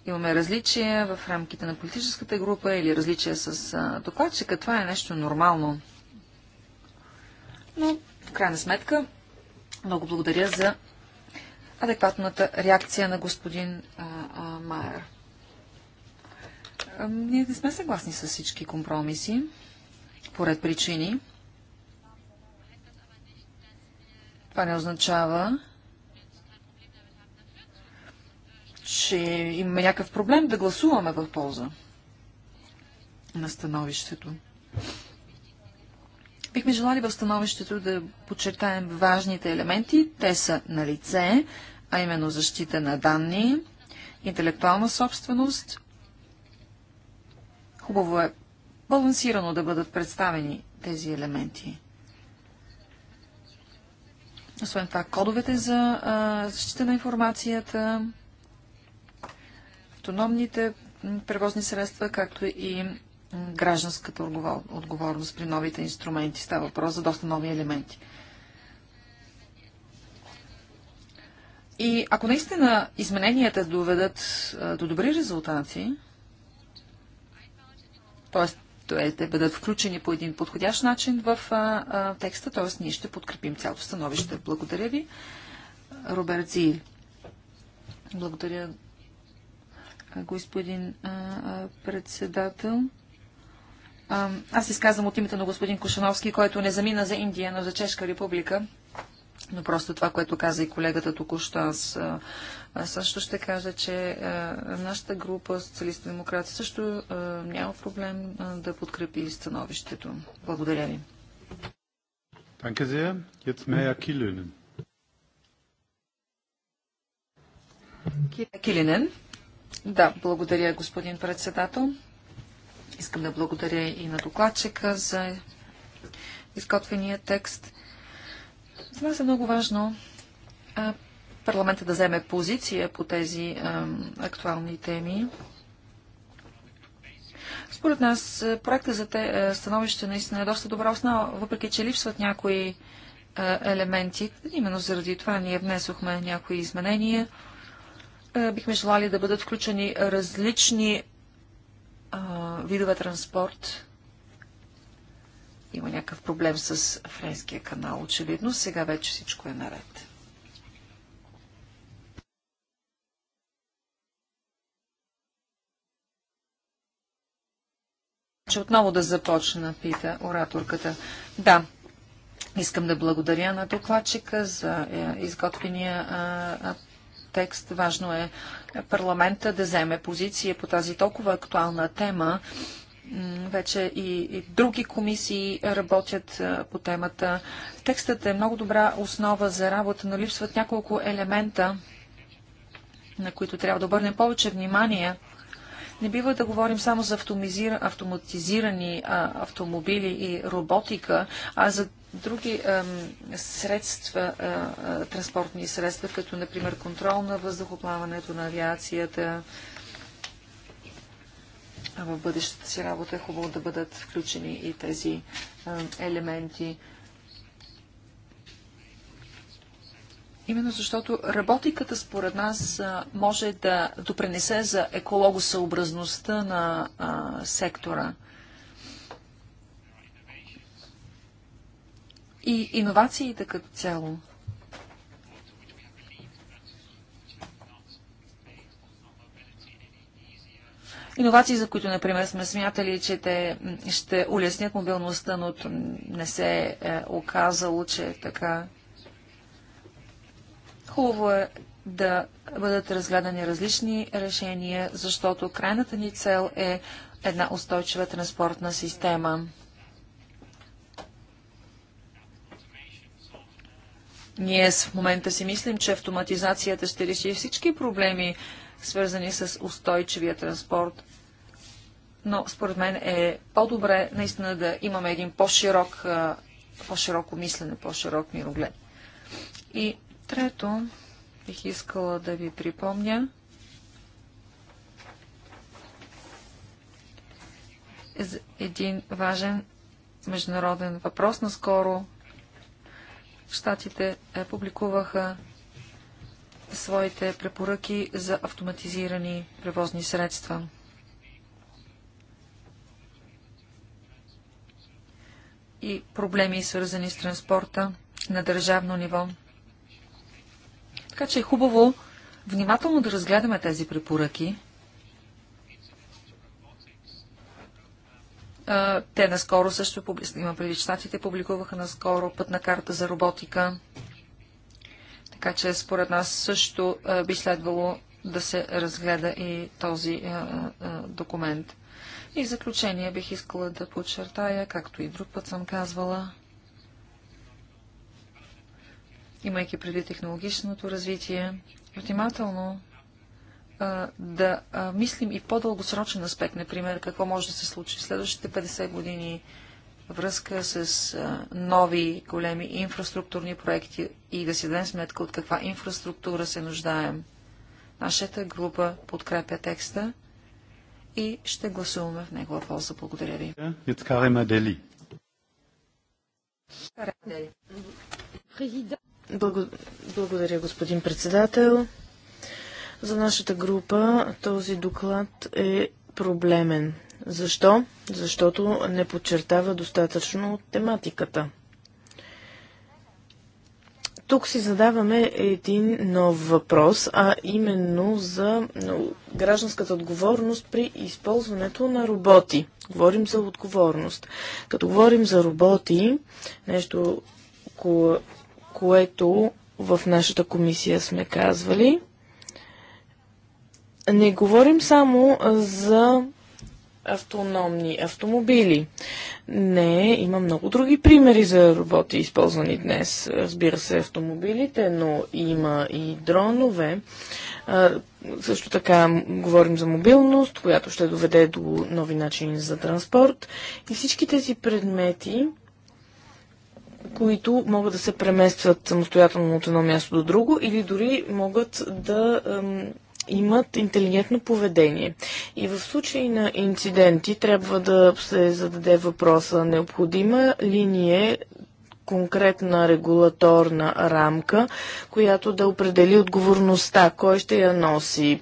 имаме различия в рамките на политическата група или различия с докладчика. Това е нещо нормално. Но в крайна сметка, много благодаря за адекватната реакция на господин а, а, Майер. А, ние не сме съгласни с всички компромиси, поред причини. Това не означава, че имаме някакъв проблем да гласуваме в полза на становището. Бихме желали в становището да подчертаем важните елементи. Те са на лице, а именно защита на данни, интелектуална собственост. Хубаво е балансирано да бъдат представени тези елементи. Освен това, кодовете за а, защита на информацията, автономните превозни средства, както и гражданската отговорност при новите инструменти. Става въпрос за доста нови елементи. И ако наистина измененията доведат до добри резултати, т.е. те бъдат включени по един подходящ начин в а, а, текста, т.е. ние ще подкрепим цялото становище. Благодаря ви, Роберт Зиил. Благодаря, господин а, председател. Аз изказвам от името на господин Кошановски, който не замина за Индия, но за Чешка република. Но просто това, което каза и колегата току-що, аз, също ще кажа, че а, нашата група социалисти демократи също а, няма проблем а, да подкрепи становището. Благодаря ви. Danke sehr. Jetzt Meja Kilinen. Килинен. Да, благодаря, господин председател. Искам да благодаря и на докладчика за изготвения текст. За нас е много важно а, парламента да вземе позиция по тези а, актуални теми. Според нас проекта за те, становище наистина е доста добра основа, въпреки че липсват някои а, елементи. Именно заради това ние внесохме някои изменения. Бихме желали да бъдат включени различни а, видове транспорт. Има някакъв проблем с Френския канал, очевидно. Сега вече всичко е наред. че отново да започна, пита ораторката. Да, искам да благодаря на докладчика за е, изготвения текст. Важно е парламента да вземе позиция по тази толкова актуална тема. Вече и, и други комисии работят а, по темата. Текстът е много добра основа за работа, но липсват няколко елемента, на които трябва да обърнем повече внимание. Не бива да говорим само за автоматизирани а, автомобили и роботика, а за други средства, транспортни средства, като например контрол на въздухоплаването, на авиацията. В бъдещата си работа е хубаво да бъдат включени и тези елементи. Именно защото работиката според нас може да допренесе за екологосъобразността на а, сектора. и иновациите като цяло. Иновации, за които, например, сме смятали, че те ще улеснят мобилността, но не се е оказало, че е така. Хубаво е да бъдат разгледани различни решения, защото крайната ни цел е една устойчива транспортна система. Ние в момента си мислим, че автоматизацията ще реши всички проблеми, свързани с устойчивия транспорт. Но според мен е по-добре наистина да имаме един по-широк, по-широко мислене, по-широк мироглед. И трето, бих искала да ви припомня, един важен международен въпрос наскоро Штатите е, публикуваха своите препоръки за автоматизирани превозни средства. и проблеми, свързани с транспорта на държавно ниво. Така че е хубаво внимателно да разгледаме тези препоръки Те наскоро също, има преди щатите, публикуваха наскоро пътна карта за роботика. Така че според нас също би следвало да се разгледа и този документ. И в заключение бих искала да подчертая, както и друг път съм казвала, имайки преди технологичното развитие, внимателно да мислим и по-дългосрочен аспект, например, какво може да се случи в следващите 50 години връзка с нови големи инфраструктурни проекти и да си дадем сметка от каква инфраструктура се нуждаем. Нашата група подкрепя текста и ще гласуваме в негова полза. Благодаря ви. Благодаря, господин председател. За нашата група този доклад е проблемен. Защо? Защото не подчертава достатъчно тематиката. Тук си задаваме един нов въпрос, а именно за гражданската отговорност при използването на роботи. Говорим за отговорност. Като говорим за роботи, нещо, кое, което в нашата комисия сме казвали, не говорим само за автономни автомобили. Не, има много други примери за роботи, използвани днес. Разбира се, автомобилите, но има и дронове. А, също така говорим за мобилност, която ще доведе до нови начини за транспорт. И всички тези предмети, които могат да се преместват самостоятелно от едно място до друго или дори могат да имат интелигентно поведение. И в случай на инциденти трябва да се зададе въпроса необходима ли ни е конкретна регулаторна рамка, която да определи отговорността, кой ще я носи,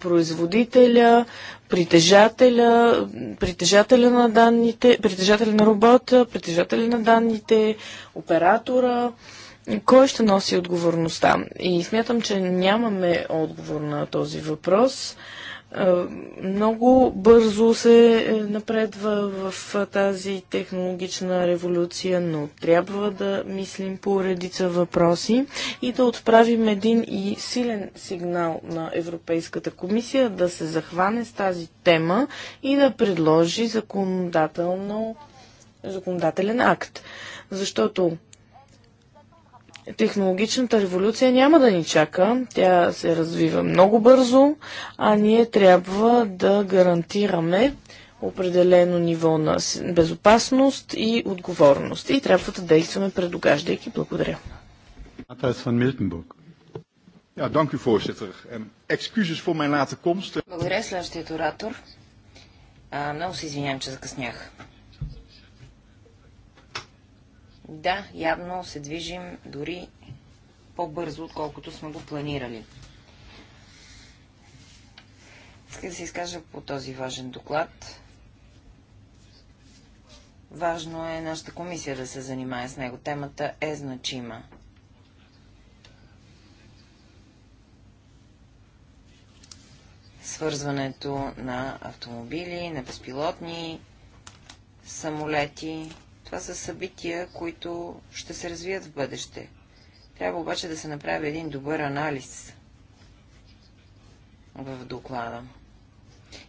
производителя, притежателя, притежателя на данните, притежателя на робота, притежателя на данните, оператора кой ще носи отговорността? И смятам, че нямаме отговор на този въпрос е, много бързо се е, напредва в е, тази технологична революция, но трябва да мислим по редица въпроси и да отправим един и силен сигнал на Европейската комисия да се захване с тази тема и да предложи законодателно законодателен акт. Защото Технологичната революция няма да ни чака. Тя се развива много бързо, а ние трябва да гарантираме определено ниво на безопасност и отговорност. И трябва да действаме предугаждайки. Благодаря. Ehm, Благодаря, следващият оратор. А, много се извинявам, че закъснях. Да, явно се движим дори по-бързо, отколкото сме го планирали. Искам да се изкажа по този важен доклад. Важно е нашата комисия да се занимае с него. Темата е значима. Свързването на автомобили, на безпилотни самолети това са събития, които ще се развият в бъдеще. Трябва обаче да се направи един добър анализ в доклада.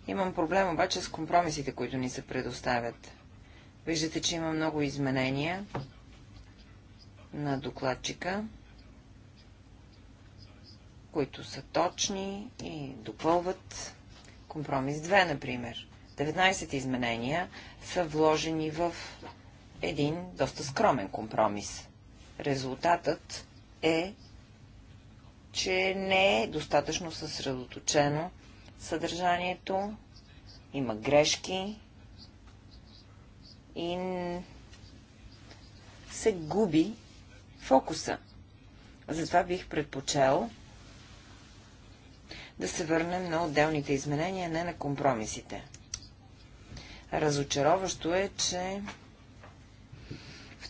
Имам проблем обаче с компромисите, които ни се предоставят. Виждате, че има много изменения на докладчика, които са точни и допълват компромис 2, например. 19 изменения са вложени в един доста скромен компромис. Резултатът е, че не е достатъчно съсредоточено съдържанието, има грешки и се губи фокуса. Затова бих предпочел да се върнем на отделните изменения, не на компромисите. Разочароващо е, че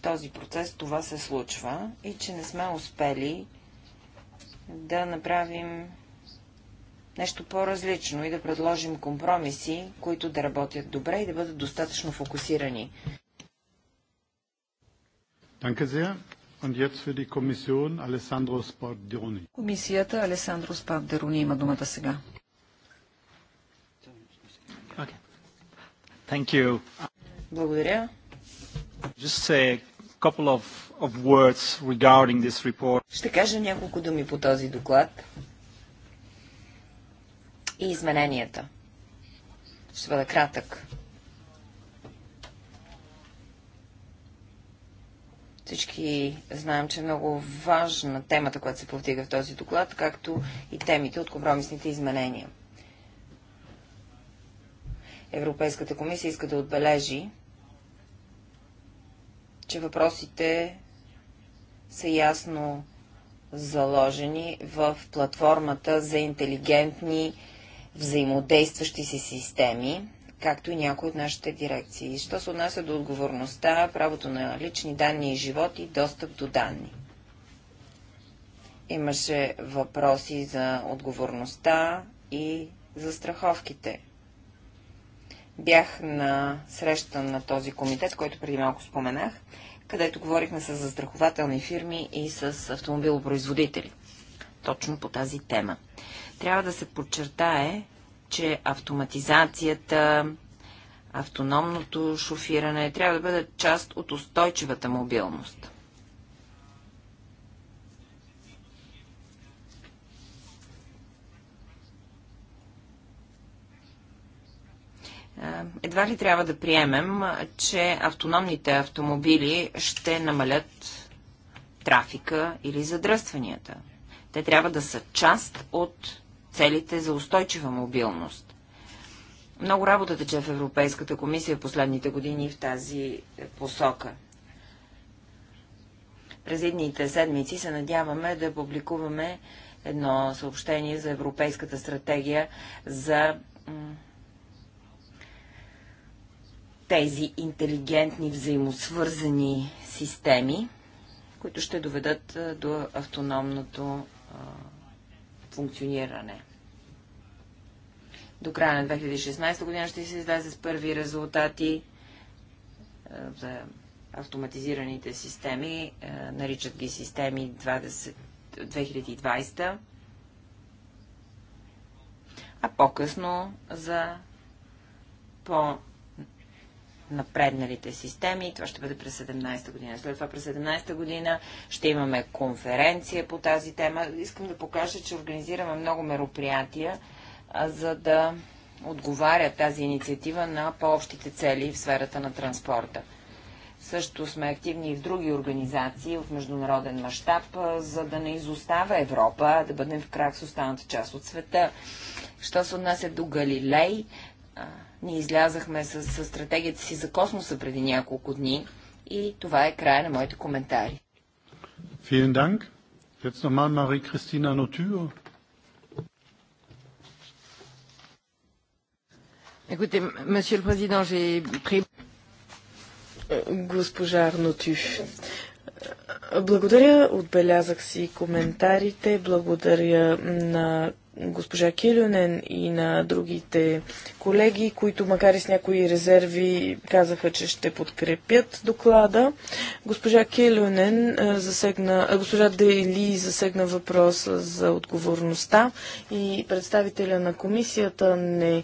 този процес това се случва и че не сме успели да направим нещо по-различно и да предложим компромиси, които да работят добре и да бъдат достатъчно фокусирани. Комисията Алесандро Спавдерони има думата сега. Благодаря. Just say couple of, of words regarding this report. Ще кажа няколко думи по този доклад и измененията. Ще бъда кратък. Всички знаем, че е много важна темата, която се повдига в този доклад, както и темите от компромисните изменения. Европейската комисия иска да отбележи, че въпросите са ясно заложени в платформата за интелигентни взаимодействащи си системи, както и някои от нашите дирекции. Що се отнася до отговорността, правото на лични данни и живот и достъп до данни. Имаше въпроси за отговорността и за страховките. Бях на среща на този комитет, който преди малко споменах, където говорихме с застрахователни фирми и с автомобилопроизводители. Точно по тази тема. Трябва да се подчертае, че автоматизацията, автономното шофиране трябва да бъдат част от устойчивата мобилност. Е, едва ли трябва да приемем, че автономните автомобили ще намалят трафика или задръстванията. Те трябва да са част от целите за устойчива мобилност. Много работа тече е в Европейската комисия в последните години в тази посока. През едните седмици се надяваме да публикуваме едно съобщение за Европейската стратегия за тези интелигентни взаимосвързани системи, които ще доведат до автономното а, функциониране. До края на 2016 година ще се излезе с първи резултати а, за автоматизираните системи, а, наричат ги системи 20, 2020, а по-късно за по напредналите системи. Това ще бъде през 17-та година. След това през 17-та година ще имаме конференция по тази тема. Искам да покажа, че организираме много мероприятия, за да отговаря тази инициатива на по-общите цели в сферата на транспорта. Също сме активни и в други организации в международен мащаб, за да не изостава Европа, да бъдем в крак с останата част от света. Що се отнася до Галилей, ние излязахме с, с стратегията си за космоса преди няколко дни и това е края на моите коментари. Vielen Dank. Jetzt nochmal Marie-Christina Notür. Écoutez, Monsieur le Président, j'ai pris... Госпожа Арнотюш, благодаря, отбелязах си коментарите, благодаря на госпожа Килюнен и на другите колеги, които макар и с някои резерви казаха, че ще подкрепят доклада. Госпожа Килюнен засегна, госпожа Дейли, засегна въпроса за отговорността и представителя на комисията не е,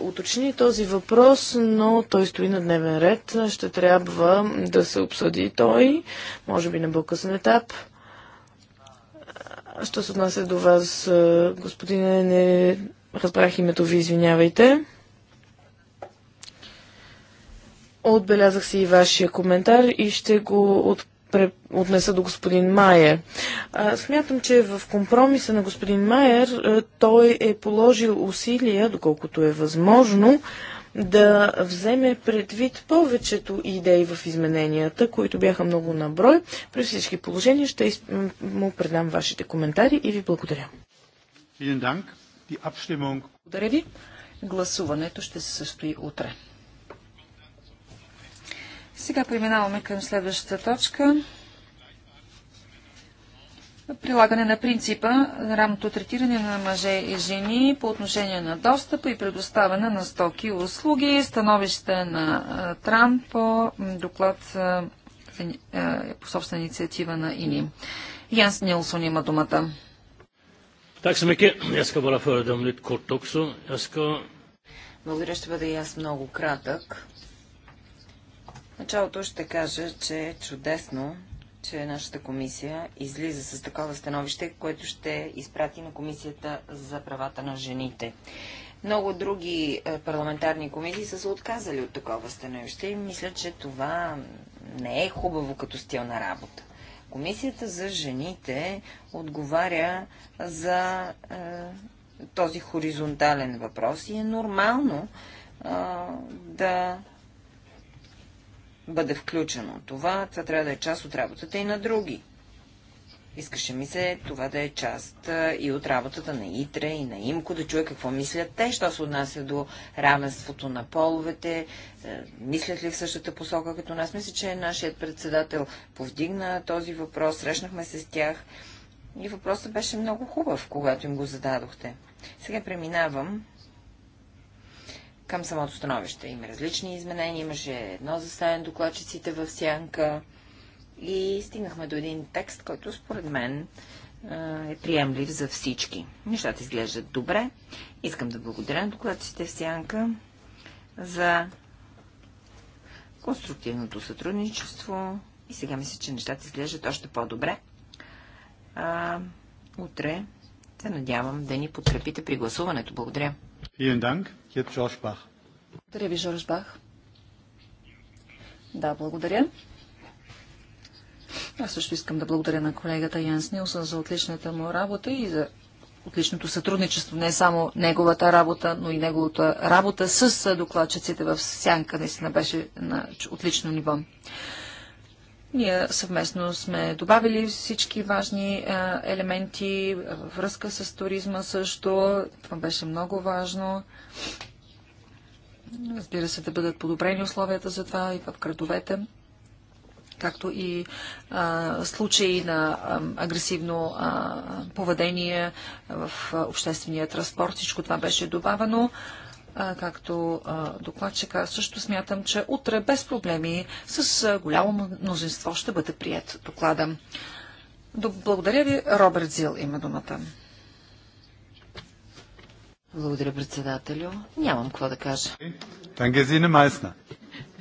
уточни този въпрос, но той стои на дневен ред. Ще трябва да се обсъди той, може би на по-късен етап. Що се отнася до вас, е, господине, не разбрах името ви, извинявайте. Отбелязах си и вашия коментар и ще го от отнеса до господин Майер. А, смятам, че в компромиса на господин Майер е, той е положил усилия, доколкото е възможно, да вземе предвид повечето идеи в измененията, които бяха много наброй. При всички положения ще му предам вашите коментари и ви благодаря. Благодаря ви. Гласуването ще се състои утре. Сега преминаваме към следващата точка прилагане на принципа на равното третиране на мъже и жени по отношение на достъпа и предоставяне на стоки и услуги, становище на Трамп по доклад по собствена инициатива на ИНИ. Янс Нилсон има думата. Так Благодаря, ще бъда и аз много кратък. Началото ще кажа, че е чудесно, че нашата комисия излиза с такова становище, което ще изпрати на Комисията за правата на жените. Много други е, парламентарни комисии са се отказали от такова становище и мисля, че това не е хубаво като стил на работа. Комисията за жените отговаря за е, този хоризонтален въпрос и е нормално е, да бъде включено. Това, това трябва да е част от работата и на други. Искаше ми се това да е част и от работата на ИТРА и на ИМКО, да чуя какво мислят те, що се отнася до равенството на половете, е, мислят ли в същата посока като нас. Мисля, че нашият председател повдигна този въпрос, срещнахме се с тях и въпросът беше много хубав, когато им го зададохте. Сега преминавам към самото становище. Има различни изменения, имаше едно заставен докладчиците в сянка и стигнахме до един текст, който според мен е приемлив за всички. Нещата изглеждат добре. Искам да благодаря на докладчиците в сянка за конструктивното сътрудничество и сега мисля, че нещата изглеждат още по-добре. утре се надявам да ни подкрепите при гласуването. Благодаря. Vielen Dank. Благодаря ви, Жорж Бах. Да, благодаря. Аз също искам да благодаря на колегата Янс Нилсън за отличната му работа и за отличното сътрудничество, не само неговата работа, но и неговата работа с докладчиците в Сянка. Наистина беше на отлично ниво. Ние съвместно сме добавили всички важни елементи, връзка с туризма също. Това беше много важно. Разбира се, да бъдат подобрени условията за това и в градовете, както и а, случаи на а, агресивно а, поведение в обществения транспорт. Всичко това беше добавено както докладчика, също смятам, че утре без проблеми с голямо мнозинство ще бъде прият доклада. Благодаря ви. Роберт Зил има думата. Благодаря, председателю. Нямам какво да кажа. Dann Майснер.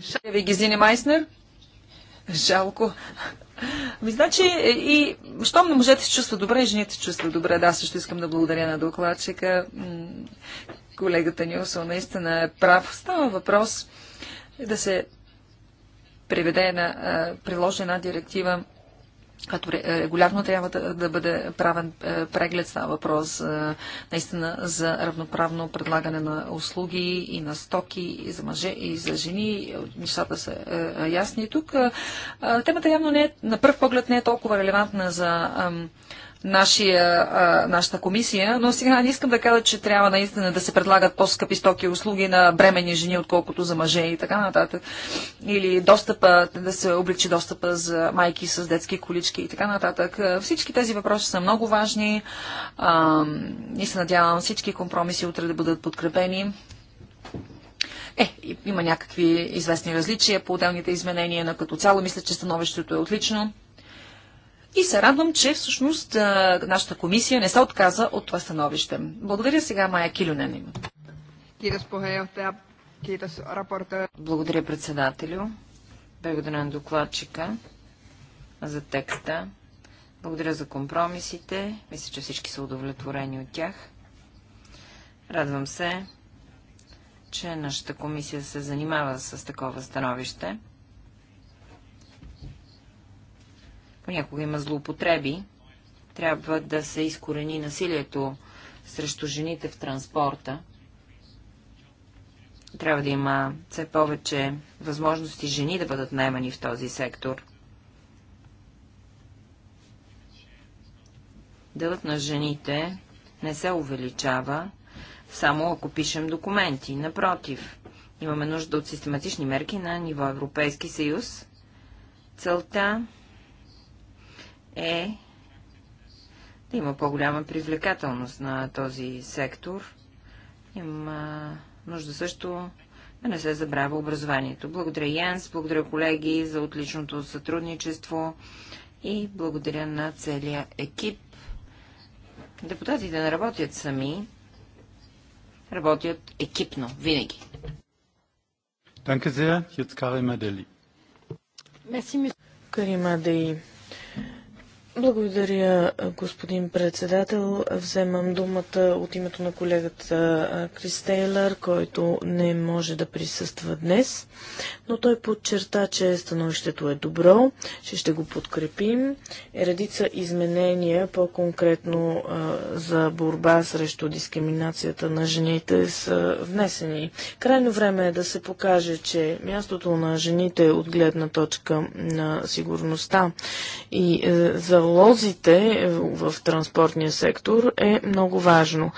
Шаве ви Гезине Майснер? Жалко. Ви ами, значи, е, и щом не можете се чувства добре, жените се чувства добре. Да, също искам да благодаря на докладчика колегата Нюсъл наистина е прав. Става въпрос да се приведе на приложена директива, като е, регулярно трябва да, да бъде правен е, преглед. Става въпрос е, наистина за равноправно предлагане на услуги и на стоки и за мъже и за жени. Нещата са ясни тук. Темата явно не е, на пръв поглед не е толкова релевантна за нашия, а, нашата комисия, но сега не искам да кажа, че трябва наистина да се предлагат по-скъпи стоки и услуги на бремени жени, отколкото за мъже и така нататък. Или достъпа, да се облегчи достъпа за майки с детски колички и така нататък. Всички тези въпроси са много важни а, и се надявам всички компромиси утре да бъдат подкрепени. Е, има някакви известни различия по отделните изменения, но като цяло мисля, че становището е отлично. И се радвам, че всъщност нашата комисия не се отказа от това становище. Благодаря сега Майя Килюнен. Благодаря председателю. Благодаря на докладчика за текста. Благодаря за компромисите. Мисля, че всички са удовлетворени от тях. Радвам се, че нашата комисия се занимава с такова становище. понякога има злоупотреби. Трябва да се изкорени насилието срещу жените в транспорта. Трябва да има все повече възможности жени да бъдат наймани в този сектор. Делът на жените не се увеличава, само ако пишем документи. Напротив, имаме нужда от систематични мерки на ниво Европейски съюз. Целта е да има по-голяма привлекателност на този сектор. Има нужда също да не се забравя образованието. Благодаря Янс, благодаря колеги за отличното сътрудничество и благодаря на целия екип. Депутатите не работят сами, работят екипно, винаги. Danke sehr. Jetzt Merci, благодаря, господин председател. Вземам думата от името на колегата Крис Тейлър, който не може да присъства днес, но той подчерта, че становището е добро, че ще го подкрепим. Е редица изменения, по-конкретно за борба срещу дискриминацията на жените, са внесени. Крайно време е да се покаже, че мястото на жените е от гледна точка на сигурността и за залозите в транспортния сектор е много важно.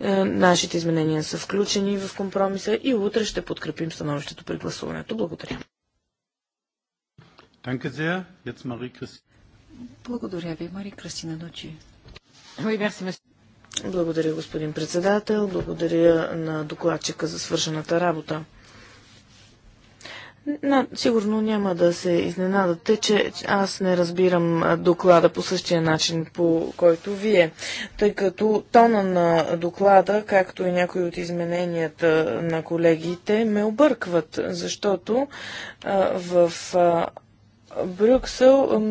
Е, нашите изменения са включени в компромиса и утре ще подкрепим становището при гласуването. Благодаря. Благодаря ви, Мари Красина Дочи. Благодаря, господин председател. Благодаря на докладчика за свършената работа. Но, сигурно няма да се изненадате, че аз не разбирам доклада по същия начин, по който вие. Тъй като тона на доклада, както и някои от измененията на колегите, ме объркват, защото а, в а, Брюксел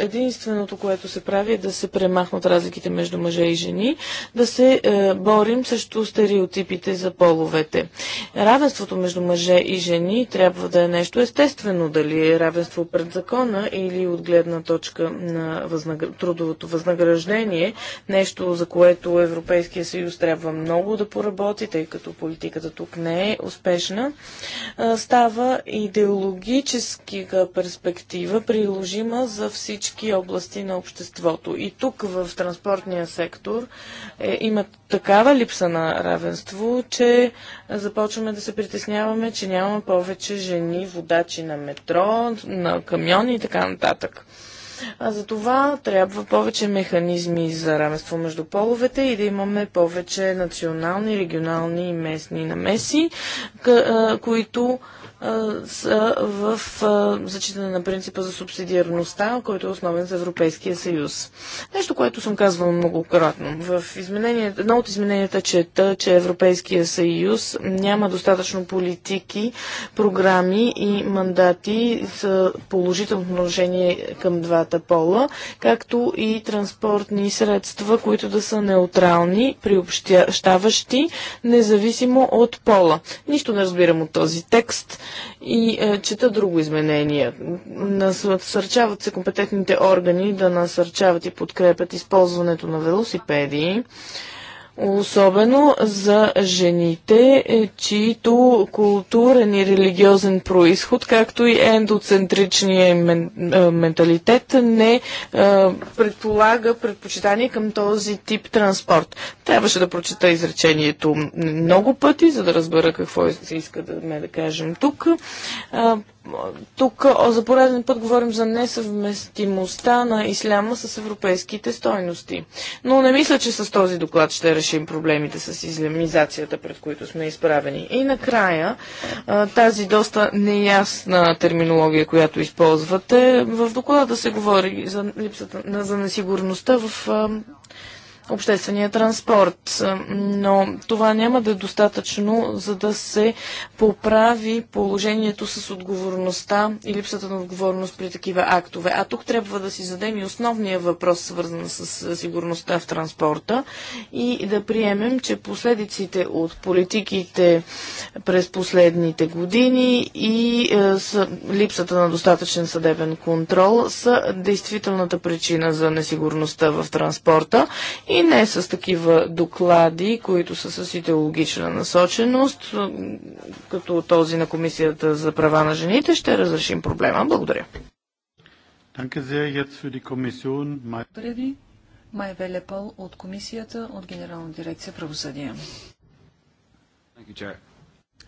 единственото, което се прави е да се премахнат разликите между мъже и жени, да се е, борим срещу стереотипите за половете. Равенството между мъже и жени трябва да е нещо естествено, дали е равенство пред закона или от гледна точка на възнагр... трудовото възнаграждение, нещо за което Европейския съюз трябва много да поработи, тъй като политиката тук не е успешна, е, става идеологически перспектива директива, приложима за всички области на обществото. И тук в транспортния сектор е, има такава липса на равенство, че започваме да се притесняваме, че няма повече жени водачи на метро, на камиони и така нататък. А за това трябва повече механизми за равенство между половете и да имаме повече национални, регионални и местни намеси, които са в зачитане на принципа за субсидиарността, който е основен за Европейския съюз. Нещо, което съм казвала многократно. В едно от измененията чета, че Европейския съюз няма достатъчно политики, програми и мандати с положително отношение към двата пола, както и транспортни средства, които да са неутрални, приобщаващи, независимо от пола. Нищо не разбирам от този текст и е, чета друго изменение. Насърчават се компетентните органи да насърчават и подкрепят използването на велосипеди особено за жените, е, чието културен и религиозен происход, както и ендоцентричния мен, е, менталитет не е, предполага предпочитание към този тип транспорт. Трябваше да прочета изречението много пъти, за да разбера какво се иска да ме да кажем тук тук за пореден път говорим за несъвместимостта на исляма с европейските стойности. Но не мисля, че с този доклад ще решим проблемите с ислямизацията, пред които сме изправени. И накрая, тази доста неясна терминология, която използвате, в доклада се говори за липсата на за несигурността в обществения транспорт. Но това няма да е достатъчно, за да се поправи положението с отговорността и липсата на отговорност при такива актове. А тук трябва да си задем и основния въпрос, свързан с сигурността в транспорта и да приемем, че последиците от политиките през последните години и е, с, липсата на достатъчен съдебен контрол са действителната причина за несигурността в транспорта и не с такива доклади, които са с идеологична насоченост, като този на Комисията за права на жените, ще разрешим проблема. Благодаря. Благодаря ви. Май Велепал от Комисията от Генерална дирекция правосъдие.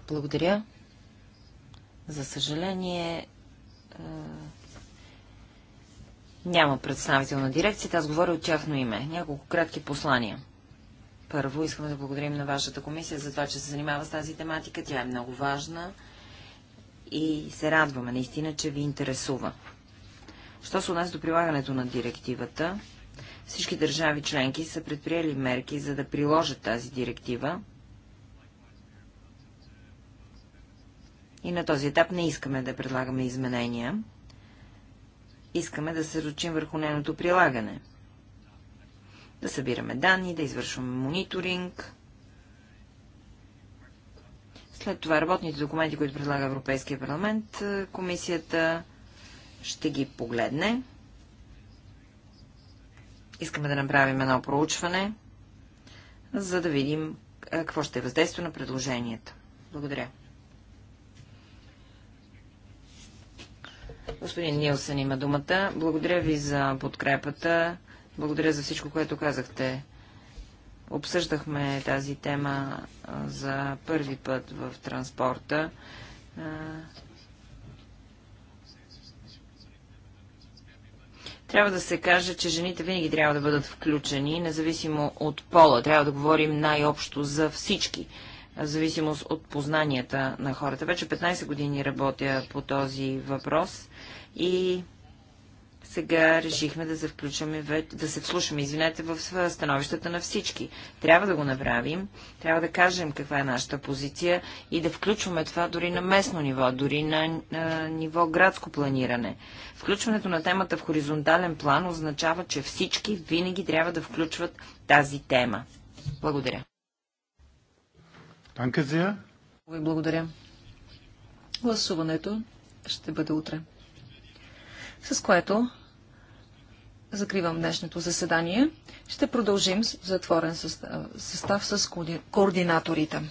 Благодаря. За съжаление, е, няма представител на дирекцията, аз говоря от тяхно име. Няколко кратки послания. Първо, искаме да благодарим на вашата комисия за това, че се занимава с тази тематика. Тя е много важна и се радваме наистина, че ви интересува. Що се отнася до прилагането на директивата, всички държави членки са предприели мерки, за да приложат тази директива. И на този етап не искаме да предлагаме изменения искаме да се ручим върху нейното прилагане. Да събираме данни, да извършваме мониторинг. След това работните документи, които предлага Европейския парламент, е, комисията ще ги погледне. Искаме да направим едно проучване, за да видим е, какво ще е въздействие на предложението. Благодаря. Господин Нилсън има думата. Благодаря ви за подкрепата. Благодаря за всичко, което казахте. Обсъждахме тази тема за първи път в транспорта. Трябва да се каже, че жените винаги трябва да бъдат включени, независимо от пола. Трябва да говорим най-общо за всички, в зависимост от познанията на хората. Вече 15 години работя по този въпрос и сега решихме да се включваме, да се вслушаме, извинете, в становищата на всички. Трябва да го направим, трябва да кажем каква е нашата позиция и да включваме това дори на местно ниво, дори на, на ниво градско планиране. Включването на темата в хоризонтален план означава, че всички винаги трябва да включват тази тема. Благодаря. Танка благодаря. Гласуването ще бъде утре с което закривам днешното заседание. Ще продължим в затворен състав с координаторите.